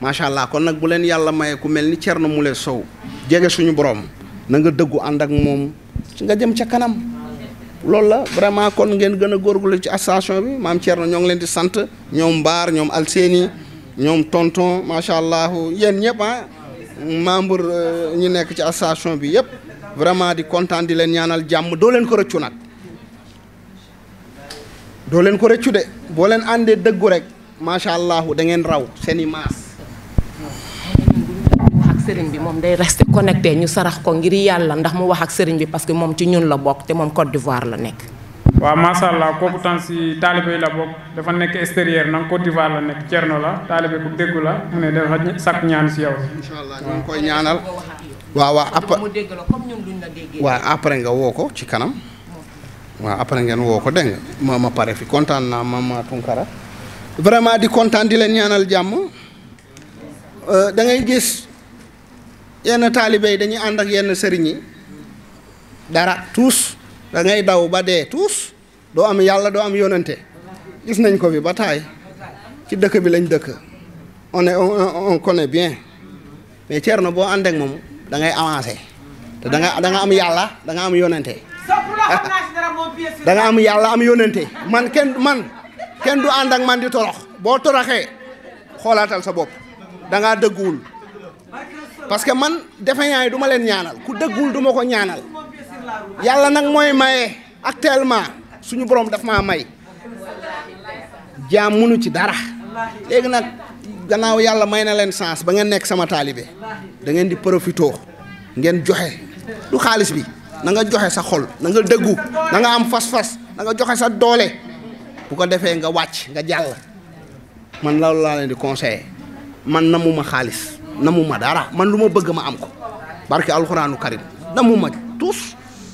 macha allah kon nag bu leen yàlla maye ku mel ni mu leen Sow jege suñu borom na nga dëggu ànd ak moom nga jëm ca kanam loolu la vraiment kon ngeen gën a góorgóorlu ci association bi maam Thierno ñoo ngi leen di sant ñoom Mbaar ñoom al Alseeni ñoom tonton macha allah yéen ñëpp ah membre euh, ñi nekk ci association bi yëpp vraiment di kontaan di leen ñaanal jàmm doo leen ko rëccu nag doo leen ko rëccu de boo leen àndee dëggu rek macha allah da ngeen raw seen i maas. sëriñ bi moom day resté connecté ñu sarax ko ngir yàlla ndax mu wax ak sëriñ bi parce que moom ci ñun la bokk te moom Côte voir la nekk. waaw macha allah kooku tam si taalibe la bokk dafa nekk extérieur nag Côte d'Ivoire la nekk Thierno la taalibe bu déggu la mu ne dafa sàkk ñaan si yow. incha ñu ngi koy ñaanal. waaw waaw après nga woo ko ci kanam. waaw après ngeen woo ko dégg nga ma ma pare fi kontaan naa Mama Tunkara vraiment di kontaan di leen ñaanal jàmm euh, dangay gis yenn taalibe yi dañuy ànd ak yenn sëriñ yi dara tous. da ngay daw ba dee tuus doo am yàlla doo am yonente gis nañ ko fi ba taay ci dëkk bi lañ dëkk on on connaît bien mais na boo ànd ak moom da ngay avancé da nga da am yàlla da nga am yonente da nga am yàlla am yonente man kenn man kenn du ànd ak man di torox boo toroxee xoolaatal sa bopp da ngaa dëgguwul parce que man defe yaay du ma leen ñaanal ku dëgguwul duma ko ñaanal yàlla nag mooy maye actuellement suñu boroom daf maa may jaam munu ci dara léegi nag gannaaw yàlla may na leen chance ba ngeen nekk sama taalibe da ngeen di profitoo ngeen joxe du xaalis bi na nga joxe sa xol na nga dëggu na nga am fas-fas na nga joxe sa doole bu ko defee nga wàcc nga jàll man loolu laa leen di conseiller man namuma xaalis namuma dara man lu ma bëgg ma am ko barke alxuraanu karim namuma tuus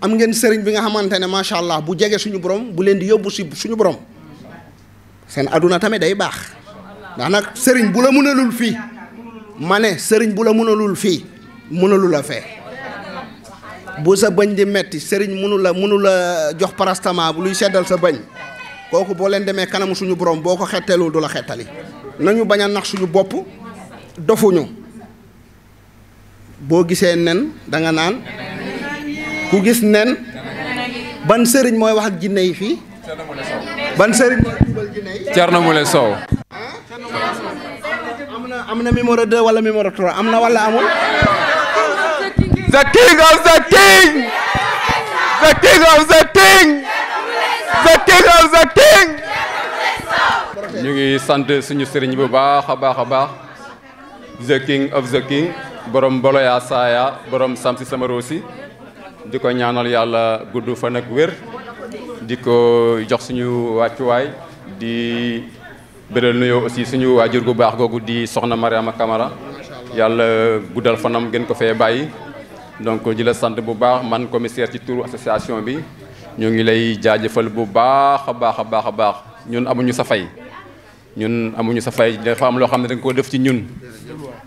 am ngeen sëriñ bi nga xamante ne macha allah bu jege suñu borom bu leen di yóbbu si suñu borom seen aduna tamit day baax ndax nag sëriñ bu la mënalul fii ma ne bu la mënalul fii mënalul a fee bu sa bañ di metti sëriñ mënu la mënu la jox parastama bu luy seddal sa bañ kooku boo leen demee kanamu suñu borom boo ko xetteelul du la xettali nañu bañ a nax suñu bopp dofuñu boo gisee nen danga naan ku gis nen ban sëriñ mooy wax ak jinne yi fii ban sëriñ mooy tuubal jinne yi am na am na numéro wala numéro am na wala amul the king of the king the ñu ngi sant suñu sëriñ bu baax a baax a baax the king of the king borom boloya saaya borom samsi samaroosi di ko ñaanal yàlla gudd fan ak wér di ko jox suñu wàccuwaay di bëral nuyoo aussi suñu waajur gu baax googu di soxna Mariama kamara yàlla guddal fanam gën ko fee bàyyi donc di la sant bu baax man commissaire ci turu association bi ñoo ngi lay jaajëfal bu baax a baax a baax a baax ñun amuñu sa fay ñun amuñu sa fay dafa am loo xam ne danga ko def ci ñun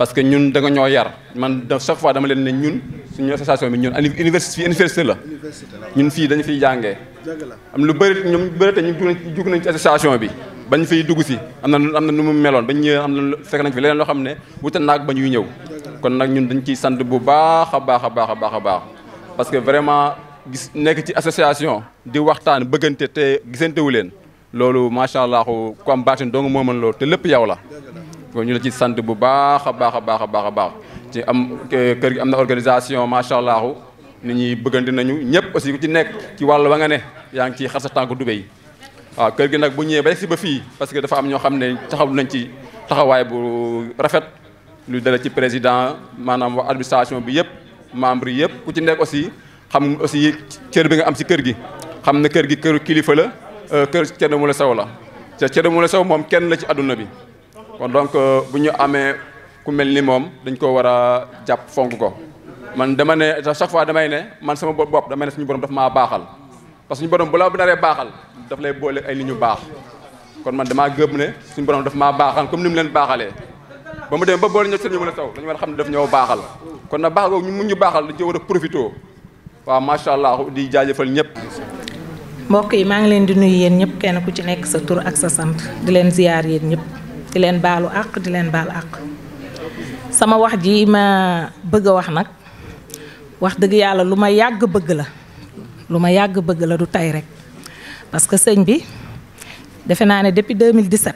parce que ñun da nga ñoo yar man de chaque fois dama leen ne ñun suñu association bi ñun université université la ñun fii dañu fiy jàngee am lu bëri ñoom bëri te ñu jug nañ ci association bi bañ fiy dugg si am na am na nu mu meloon bañ ñëwee am na fekk nañ fi leneen loo xam ne wuta naag ba ñuy ñëw kon nag ñun dañ ciy sant bu baax a baax a baax a baax a baax parce que vraiment gis nekk ci association di waxtaan bëggante te gisantewu leen loolu macha allah ku am baatin dong moo mën loolu te lépp yow la kon ñu la ci sant bu baax a baax a baax a baax a baax ci am kër gi am na organisation macha allah nit ñi bëggante nañu ñëpp aussi ku ci nekk ci wàll wa nga ne yaa ngi ci xar sa tànk dube yi waaw kër gi nag bu ñëwee ba si ba fii parce que dafa am ñoo xam ne taxaw nañ ci taxawaay bu rafet lu dale ci président maanaam wax administration bi yëpp membre yi yëpp ku ci nekk aussi xam aussi cër bi nga am si kër gi xam na kër gi kër kilifa la euh, kër Thierno Moule Sow la te Thierno Moule sew moom kenn la ci àdduna bi kon donc euh, bu ñu amee ku mel ni moom dañ ko war a jàpp fonk ko man dama ne chaque fois damay ne man sama bopp damay ne suñu borom daf maa baaxal parce que suñu borom bu la bu naree baaxal daf lay boole ay nit ñu baax kon man damaa gëm ne suñu borom daf maa baaxal comme ni mu leen baaxalee ba mu demee ba boole ñëw sëñ ñu mën a taw dañu war a xam ne daf ñoo baaxal kon na baax googu ñu mun ñu baaxal dañ ci war a profité waaw macha allah di jaajëfal ñëpp. mbokk yi maa ngi leen di nuyu sa tur ak sa di leen baalu àq di leen baal àq sama wax ji ma bëgg wax nag wax dëgg yàlla lu ma yàgg bëgg la lu ma yàgg bëgg la du tey rek parce que sëñ bi defe naa ne depuis 2017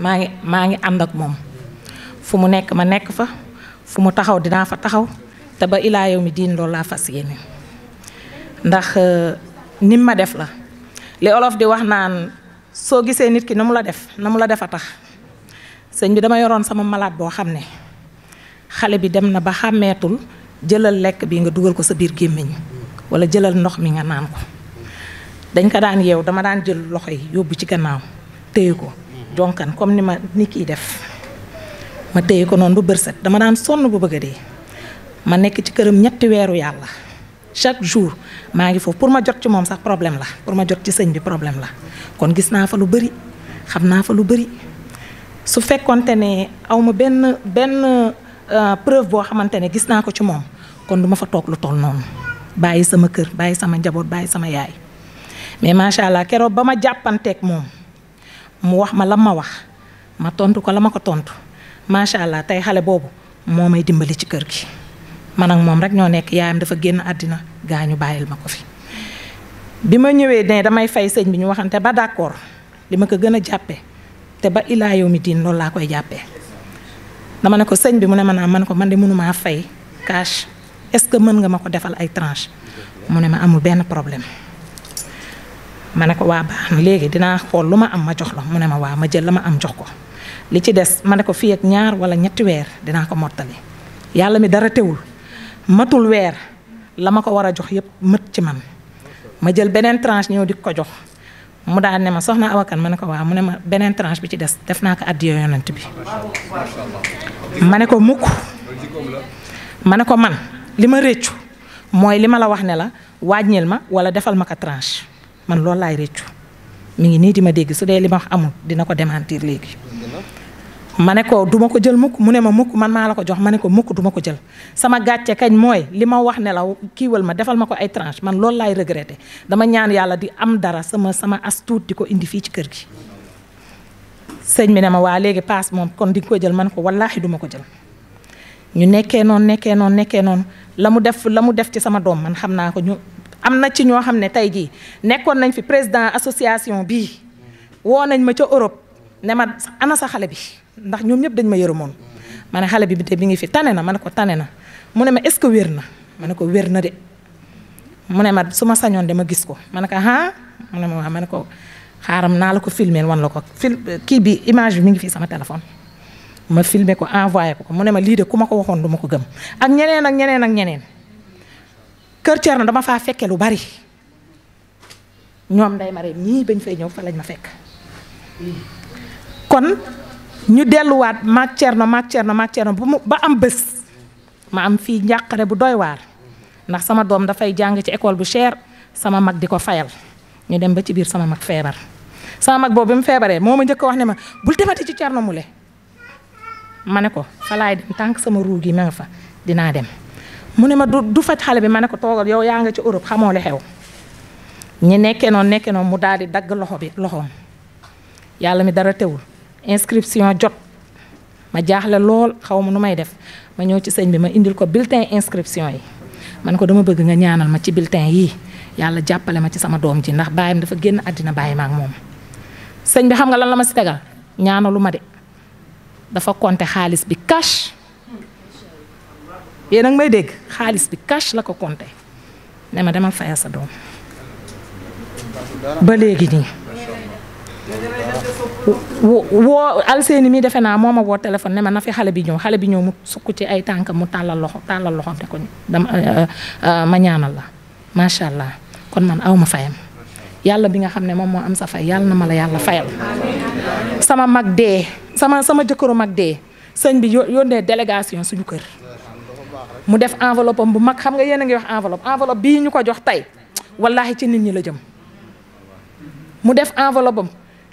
maa ngi maa ngi ànd ak moom fu mu nekk ma nekk fa fu mu taxaw dinaa fa taxaw te ba ilaa yow mi diin loolu laa fas yéene ndax euh, nim ma def la li olof di wax naan soo gisee nit ki na mu la def na mu la def a tax sëñ bi dama yoroon sama malaat boo xam ne xale bi dem na ba xàmmeetul jëlal lekk bi nga dugal ko sa biir gémmiñ wala jëlal ndox mi nga naan ko dañ ko daan yeew dama daan jël loxo yi yóbbu ci gannaaw téye ko jonkan comme ni ma ni kiy def ma téye ko noonu ba bërset dama daan sonn bu bëgg a dee ma nekk ci këram ñetti weeru yàlla chaque jour maa ngi foofu pour ma jot ci moom sax problème la pour ma jot ci sëñ bi problème la kon gis naa fa lu bëri xam naa fa lu bëri su fekkonte ne awma benn benn euh, preuve boo xamante ne gis naa ko ci moom kon du ma fa toog lu toll noonu bàyyi sama kër bàyyi sama njaboot bàyyi sama yaay mais macha allah keroog ba ma jàppanteek moom mu wax ma la ma wax ma tontu ko la ma ko tontu macha allah tey xale boobu moo may dimbali ci kër gi. man ak moom rek ñoo nekk yaayam dafa génn àddina gaañu bàyyil ma ko fi. bi ma ñëwee ne damay fay sëñ bi ñu waxante ba d'accord li ma ko gën a jàppee te ba ilaa yow mi diin loolu laa koy jàppee dama ne ko sëñ bi mu ne ma naa man ko man de mënumaa fay cash est-ce que mën nga ma ko defal ay tranche mu ne ma amul benn problème. ma ne ko waa baax na léegi dinaa xool lu ma am ma jox la mu ne ma waa ma jël la ma am jox ko li ci des ma ne ko fii ak ñaar wala ñetti weer dinaa ko mottali yàlla dara teewul. matul weer la ma ko war a jox yëpp mët ci man ma jël beneen tranche ñëw di ko jox mu daan ne ma soxna awakan ma ne ko waaw mu ne ma beneen tranche bi ci des def naa ko addiya yonent bi ma ne ko mukk ma ne ko man li ma réccu mooy li ma la wax ne la waajñil ma wala defal ma ko tranche man loolu laay réccu mu ngi nii di ma dégg su dee li ma amul dina ko démentir léegi ma ne ko du ko jël mukk mu ne ma mukk man maa la ko jox ma ne ko mukk duma ko jël sama gàcce kañ mooy li ma wax ne la kiiwal ma defal ma ko ay tranche man loolu laay regretté dama ñaan yàlla di am dara sama sama as di ko indi fii ci kër gi. sëñ bi ne ma waa léegi paas moom kon di nga ko jël man ko wallaahi du ma ko jël ñu nekkee noon nekkee noon nekkee noonu la mu def la mu def ci sama doom man xam naa ko ñu am na ci ñoo xam ne tey jii nekkoon nañ fi président association bii woo nañ ma ca Europe. ne ma ana sa xale bi ndax ñoom ñëpp dañ ma yërëmoon ma ne xale bi te bi ngi fi tane na ma ne ko tane na mu ne ma est-ce que wér na ma ne ko wér na de mu ne ma su ma sañoon de gis ko ma ne ko ah ma ma ne ko xaaram naa la ko filmer wan la ko fil kii bi image bi mu ngi fi sama téléphone ma filmer ko envoyé ko mu ne ma lii de ku ma ko waxoon du ma ko gëm ak ñeneen ak ñeneen ak ñeneen Kër na dama faa fekke lu bari ñoom nday ma rek ñii bañ fay ñëw fa lañ ma fekk. kon ñu delluwaat maag Cerno maag Cerno maag Cerno bu mu ba am bës ma am fii njàqare bu doy waar ndax sama doom dafay jàng ci école bu cher sama mag di ko fayal ñu dem ba ci biir sama mag feebar sama mag boobu bi mu feebaree moom ma njëkk wax ne ma bul demati ci Cerno Mule ma ne ko fa laay tànk sama ruug yi ma nga fa dinaa dem mu ne ma du du faj xale bi ma ne ko toogal yow yaa ngi ci Europe xamoo li xew ñi nekkee noonu nekke noonu mu daal di dagg loxo bi loxoom yàlla dara teewul inscription jot ma jaaxle lool xaw ma nu may def ma ñëw ci sëñ bi ma indil ko bulletin inscription yi man ko dama bëgg nga ñaanal ma ci bulletin yii yàlla jàppale ma ci sama doom ji ndax baayam dafa génn àddina bàyyi ma moom sëñ bi xam nga lan la ma si tegal ñaanalu ma de dafa compter xaalis bi cash yéen nag may dégg xaalis bi cash la ko compter ne ma demal fayal sa doom ba léegi nii. wo woo alseeni mi defe naa moom ma woo téléphone ne ma na fi xale bi ñëw xale bi ñëw mu sukk ci ay tànk mu tàllal loxo tàllal loxo ne ko dama euh, euh, euh, ma ñaanal la macha allah kon man aw ma fayam yàlla bi nga xam ne moom moo am sa fay yàlla na ma la yàlla fayal. sama mag dee sama sama jëkkëru mag dee sëñ bi yónnee délégation suñu kër mu def enveloppe bu mag xam nga yéen a ngi wax enveloppe enveloppe bii ñu ko jox tey wallaahi ci nit ñi la jëm mu def enveloppe am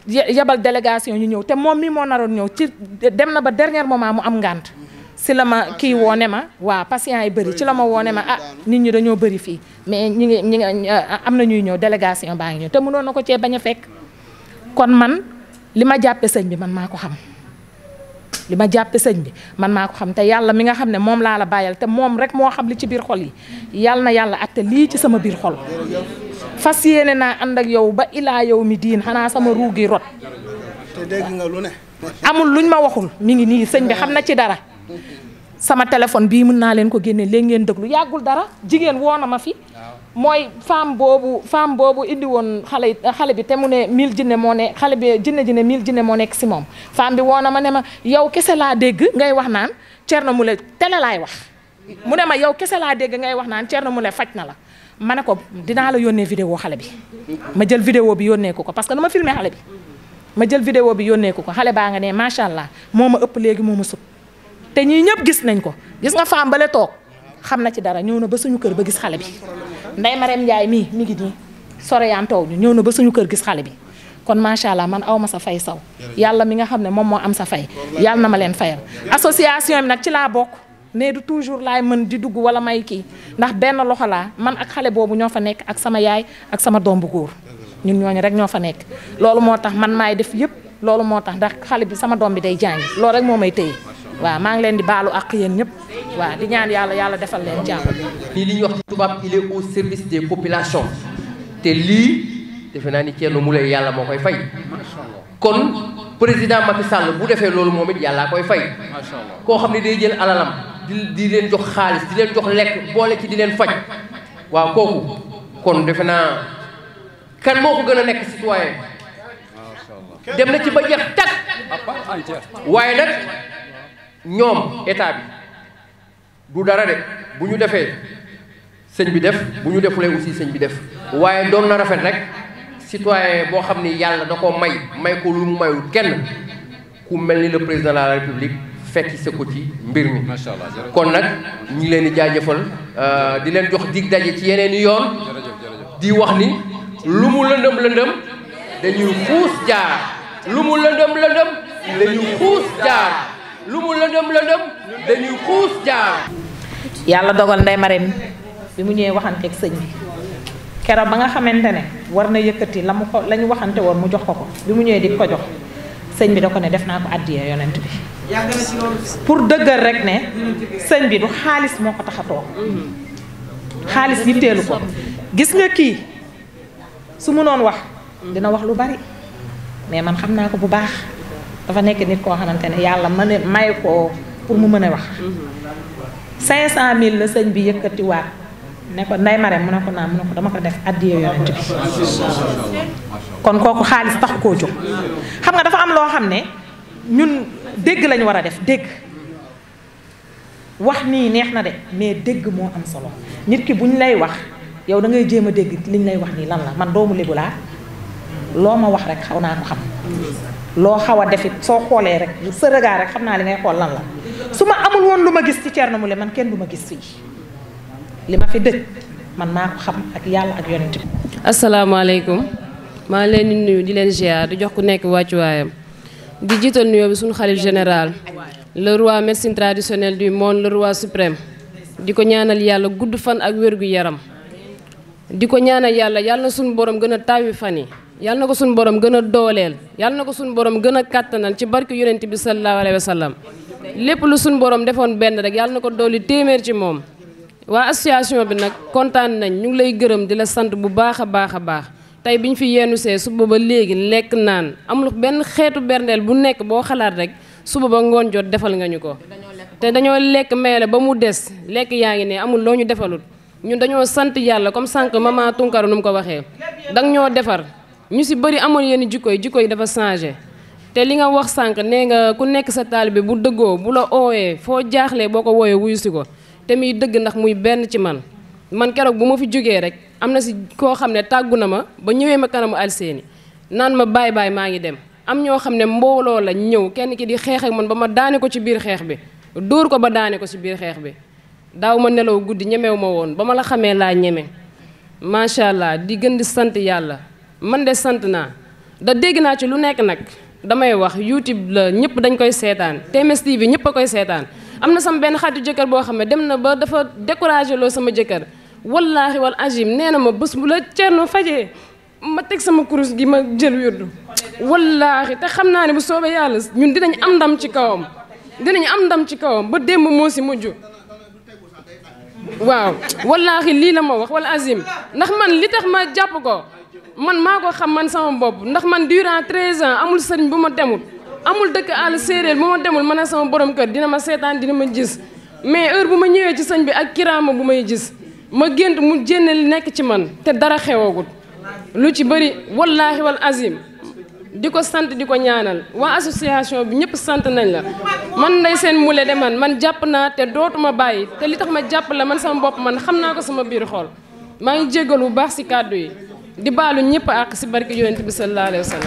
yabal délégation ñu ñëw te moom mii moo naroon ñëw ci dem na ba dernier moment mu am ngànt si la ma kii woone ma waaw patient yi bëri ci la ma woone ma ah nit ñi dañoo bëri fii mais ñi ngi ñi ah, am na ñuy ñëw délégation baa ngi ñëw te mënoon na ko cee bañ a fekk kon man li ma jàppe sëñ bi man maa ko xam li ma jàppe sëñ bi man maa ko xam te yàlla mi nga xam ne moom laa la bàyyal te moom rek moo xam li ci biir xol yi yàlla na yàlla atte lii ci sama biir xol fas yéene naa ànd ak yow ba illaa yow mi diin xanaa sama ruugi rot. te lu ne. amul luñ ma waxul mi ngi nii sëñ bi xam na ci dara. sama téléphone bii mun naa leen ko génne léegi ngeen déglu yàggul dara jigéen woo na ma fi. mooy femme boobu femme boobu indi woon xale xale bi te mu ne mille jinne moo ne xale bi jinne jinne mille jinne moo nekk si moom. femme bi woo na ma ne ma yow kese laa dégg ngay wax naan cer na Thierno Moule tele laay wax mu ne ma yow kese laa dégg ngay wax naan mu Moule faj na la. ma ne ko dinaa la yónnee vidéo xale bi ma jël vidéo bi yónnee ko ko parce que dama filmé xale bi ma jël vidéo bi yónnee ko ko xale baa nga nee macha allah moo ma ëpp léegi moo ma te ñii ñëpp gis nañ ko gis nga faam bale toog xam na ci dara ñëw na ba suñu kër ba gis xale bi nday Marème Ndiaye mii mi ngi nii soreyaan taw ñu ñëw na ba suñu kër gis xale bi kon macha man aw ma sa fay saw yàlla mi nga xam ne moom moo am sa fay yàlla na ma leen fayal association bi nag ci laa bokk ne du toujours laay mën di dugg wala may kii ndax benn loxo laa man ak xale boobu ñoo fa nekk ak sama yaay ak sama doom bu góor ñun ñooñu rek ñoo fa nekk. loolu moo tax man maay def yëpp loolu moo tax ndax xale bi sama doom bi day jàngi loolu rek moo may téye waaw maa ngi leen di baalu ak yéen ñëpp waa di ñaan yàlla yàlla defal leen jàmm. lii li ñuy wax ci tubaab il au service des populations te lii defe naa ni mu Moulé yàlla moo koy fay kon président Macky Sall bu loolu moom it yàllaa koy fay koo xam ne day jël alalam. di di leen jox xaalis di leen jox lekk boole ci di leen faj waaw kooku kon defe naa kenn moo ko gën a nekk citoyen dem na ci ba jeex tag waaye nag ñoom état bi du dara de bu ñu defee sëñ bi def bu ñu defulee aussi sëñ bi def waaye doon na rafet rek citoyen boo xam ni yàlla da ko may may ko lu mu mayul kenn ku mel ni le président de la république fekki sa ko ci mbir mi kon nag ñu ngi leen di jaajëfal euh, di leen jox dig daje ci yeneen i yoon di wax ni lu mu lëndëm lëndëm dañuy xuus jaar lu mu lëndëm lëndëm dañuy xuus jaar lu mu lëndëm lëndëm dañuy xuus yàlla dogal nday Marème bi mu ñëwee waxanteeg sëñ bi keroog ba nga xamante ne war na yëkkati la mu ko la waxante woon mu jox ko ko bi mu ñëwee di ko jox sëñ bi da ko ne def naa ko àddiya yonent bi yàgg pour dëggal rek ne sëñ bi du xaalis moo ko tax a xaalis yi teelu ko gis nga kii su mënoon wax dina wax lu bari mais man xam naa ko bu baax dafa nekk nit koo xamante ne yàlla mën a may ko pour mu mën a wax cinq cent mille la sëñ bi yëkkatiwaat ne ko nday mare mu ne ko naan mu ne ko dama ko def addiye yonent bi kon kooku xaalis tax koo jóg xam nga dafa am loo xam ne ñun dégg lañu war a def dégg wax nii neex na de mais dégg moo am solo nit ki buñ lay wax yow da ngay jéem a dégg liñ lay wax nii lan la man doomu lébu laa loo ma wax rek xaw naa ko xam loo xaw a defit soo xoolee rek sa regard xam naa li ngay xool lan la su ma amul woon lu ma gis ci Thierno Moule man kenn du ma gis fii li ma fi dëj man maa ko xam ak yàlla ak yonent bi asalaamaaleykum maa leen di nuyu di leen ziar di jox ku nekk wàccuwaayam di jiital nuyoo bi suñu xalif général le roi médecine traditionnelle du monde le roi suprême di ko ñaanal yàlla gudd fan ak wér gu yaram di ko ñaanal yàlla yàlla na suñu borom gën a taawi fan yi yàlla na ko suñu borom gën a dooleel yàlla na ko suñu borom gën a kàttanal ci barke yonent bi sallallahu alayhi wa sallam lépp lu suñu borom defoon benn rek yàlla na ko dooli téeméer ci moom waa association bi nag kontaan nañ ñu ngi lay gërëm di la sant bu baax a baax a baax tey bi ñu fi yeenu see suba ba léegi lekk naan amul benn xeetu berndeel bu nekk boo xalaat rek suba ba ngoon jot defal nga ñu ko. te dañoo lekk meele ba mu des lekk yaa ngi ne amul loo ñu defalul ñun dañoo sant yàlla comme sànq maman Tunkara nu mu ko waxee danga ñoo defar ñu si bëri amoon yenn jikko yi jikko yi dafa changé. te li nga wax sànq nee nga ku nekk sa taalibe bu dëggoo bu la oowee foo jaaxlee boo ko wooyee wuyu si ko te muy dëgg ndax muy benn ci man man keroog bu ma fi jógee rek. am na si koo xam ne tàggu na ma ba ñëwee ma kanamu Alseeni naan ma baay baay maa ngi dem am ñoo xam ne mbooloo la ñëw kenn ki di xeex man ba ma daane ko ci biir xeex bi dóor ko ba daane ko ci biir xeex bi daaw ma nelaw guddi ñemew ma woon ba ma la xamee laa ñeme macha allah di gën di sant yàlla man de sant naa da dégg naa ci lu nekk nag damay wax youtube la ñëpp dañ koy seetaan TMS bi ñëpp a koy seetaan am na sama benn xatu jëkkër boo xam ne dem na ba dafa découragé loo sama jëkkër wallaahi wal ajim nee na ma bës bu la Thierno fajee ma teg sama kurus gi ma jël yóddu wallaahi te xam naa ne bu soobee yàlla ñun dinañ am ndam ci kawam dinañ am ndam ci kawam ba démb moo si mujj waaw wallaahi lii la ma wax wal azim ndax man li tax ma jàpp ko man maa ko xam man sama bopp ndax man durant 13 ans amul sëriñ bu ma demul amul dëkk àll séeréer bu ma demul ma ne sama borom kër dina ma seetaan dina ma gis mais heure bu ma ñëwee ci sëñ bi ak kiraama bu may gis ma gént mu jénn li nekk ci man te dara xewagul lu ci bëri wallaahi wal azim di ko sant di ko ñaanal waa association bi ñëpp sant nañ la man Ndeye seen Moule de man man jàpp naa te dootuma bàyyi te li tax ma jàpp la man sama bopp man xam naa ko sama biir xool maa ngi jégalu bu baax si kàddu yi di baalu ñëpp ak si barke yonent bi sallallahu alayhi wa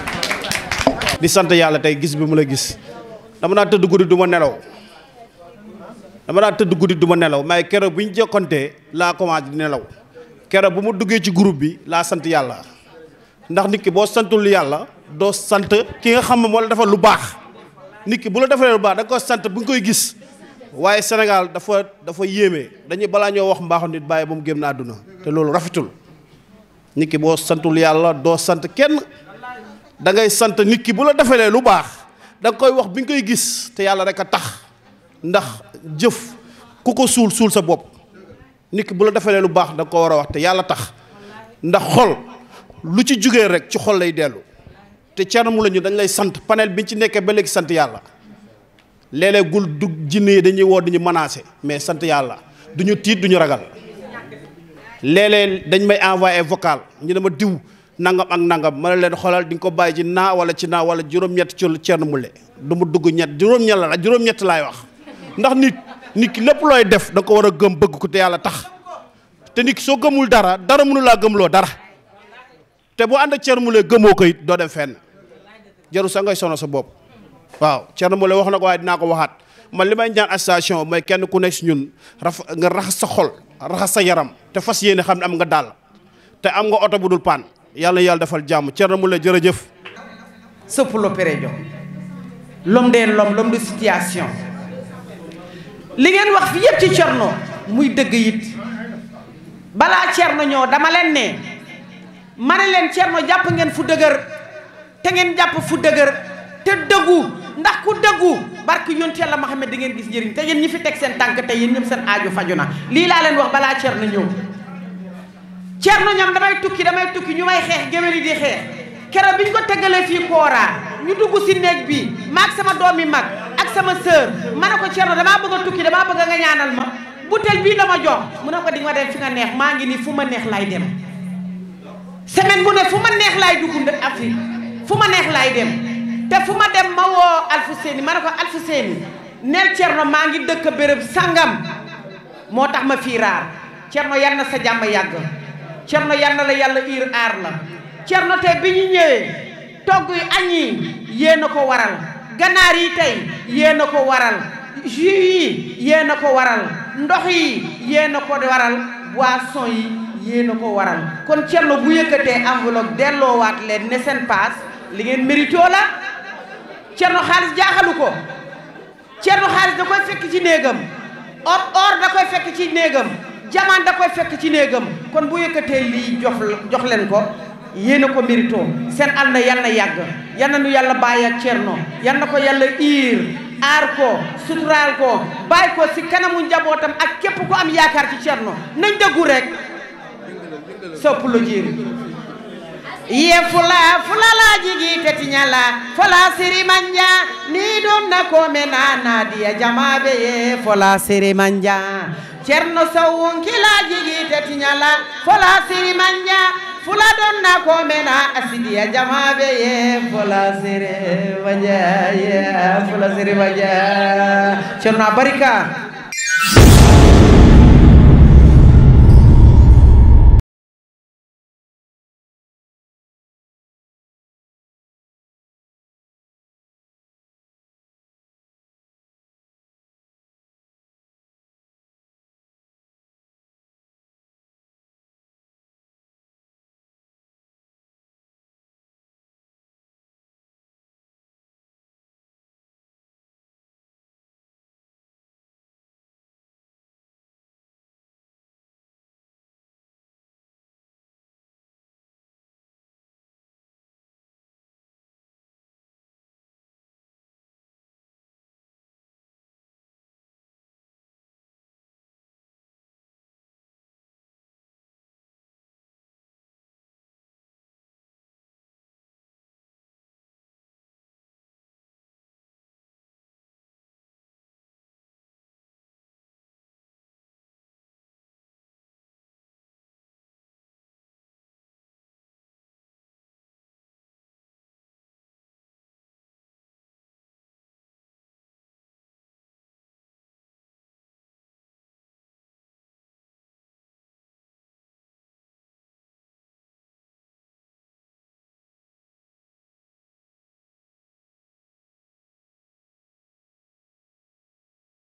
di sant yàlla tey gis bi mu la gis dama naa tëdd guddi du ma nelaw dama daa tëdd guddi du ma nelaw maay keroog bu ñu jokkontee laa commencé di nelaw keroog bu ma duggee ci groupe bi laa sant yàlla ndax nit ki boo santul yàlla doo sant ki nga xam moom wala dafa lu baax nit ki bu la defalee lu baax ko sant bu nga koy gis waaye Sénégal dafa dafa yéeme dañuy balaa ñoo wax mbaaxu nit bàyyi ba mu génn àdduna te loolu rafetul nit ki boo santul doo sant kenn dangay sant nit ki bu la defalee lu baax danga koy wax bi nga koy gis te yàlla rek a tax ndax jëf ku ko suul suul sa bopp nit ki bu la defalee lu baax da nga ko war a wax te yàlla tax ndax xol lu ci jógee rek ci xol lay dellu te Thierno Moule Niang dañ lay sant panel bi ci nekkee ba léegi sant yàlla léeg dug jinne yi dañuy woo dañuy menacé mais sant yàlla duñu tiit duñu ragal léeg dañ may envoyé vocal ñu ne ma diw nangam ak nangam ma ne leen xoolal di nga ko bàyyi ci naa wala ci naa wala juróom-ñett ci Thierno Moule dugg ñett juróom-ñett la laay wax. ndax nit nit ki lépp looy def da ko war a gëm bëgg ko te yàlla tax te nit soo gëmul dara dara mënu laa gëmloo dara te boo ànd ak mu Moule gëmoo ko it doo dem fenn jaru sa ngay sono sa bopp waaw Thierno Moule wax na ko waaye dinaa ko waxaat man li may ñaan association mooy kenn ku nekk si ñun raf nga raxas sa xol raxas sa yaram te fas yéene xam ne am nga daal te am nga oto bu dul paan yàlla yàlla defal jàmm Thierno Moule jërëjëf. sëpp lo L'homme des l'homme, l'homme de li ngeen wax fi yépp ci Cerno muy dëgg it balaa Cerno ñëw dama leen ne ma ne leen Cerno jàpp ngeen fu dëgër te ngeen jàpp fu dëgër te dëggu ndax ku dëggu la yonent xam Muhammad di ngeen gis njëriñ te yéen ñi fi teg seen tànk te yéen ñëpp seen aaju faju na lii laa leen wax balaa Cerno ñëw Cerno ñoom damay tukki damay tukki ñu may xeex géwél yi di xeex keroog bi ñu ko tëggalee fii Kora ñu dugg si néeg bi maag sama doom mi mag ak sama sœur man ne ko Thierno damaa bëgg a tukki damaa bëgg nga ñaanal ma butel bii la ma jox mu ne ko di nga dem fi nga neex maa ngi nii fu ma neex laay dem semaine bu ne fu ma neex laay dugg Afrique fu ma neex laay dem te fu ma dem ma woo Alfousseyni ma ne ko Alfousseyni neel Thierno maa ngi dëkk béréb sangam moo tax ma fii raar Thierno yal na sa jàmm yàgg Thierno yal na la yàlla iir aar la cerno tey bi ñu ñëwee togg yi añ yéen a ko waral ganaar yi tey yéen a ko waral jus yi yéen a ko waral ndox yi yéen ko waral boisson yi yéen a ko waral kon cerno bu yëkkatee enveloppe delloowaat leen ne seen paas li ngeen mérito la cerno xaalis jaaxalu ko cerno xaalis da koy fekk ci néegam or or da koy fekk ci néegam jamaan da koy fekk ci néegam kon bu yëkkatee lii jox jox leen ko yéen a ko mérito seen ànd yal na yàgg yal na nu Cerno yal ko yàlla iir aar ko suturaal ko bàyyi ko si kanamu njabootam ak képp ku am yaakaar ci Cerno nañ dëggu rek sopp lu ye fula fula la jigi tetiñala fola sirimanja ni ɗum na kome nana diya jamaɓe ye fola sirimanja ceerno sowwon kila jigi tetiñala fola sirimanja fuladon na ko mena asidiya jama be ye fula sere waja ye fula sere waja cerna barika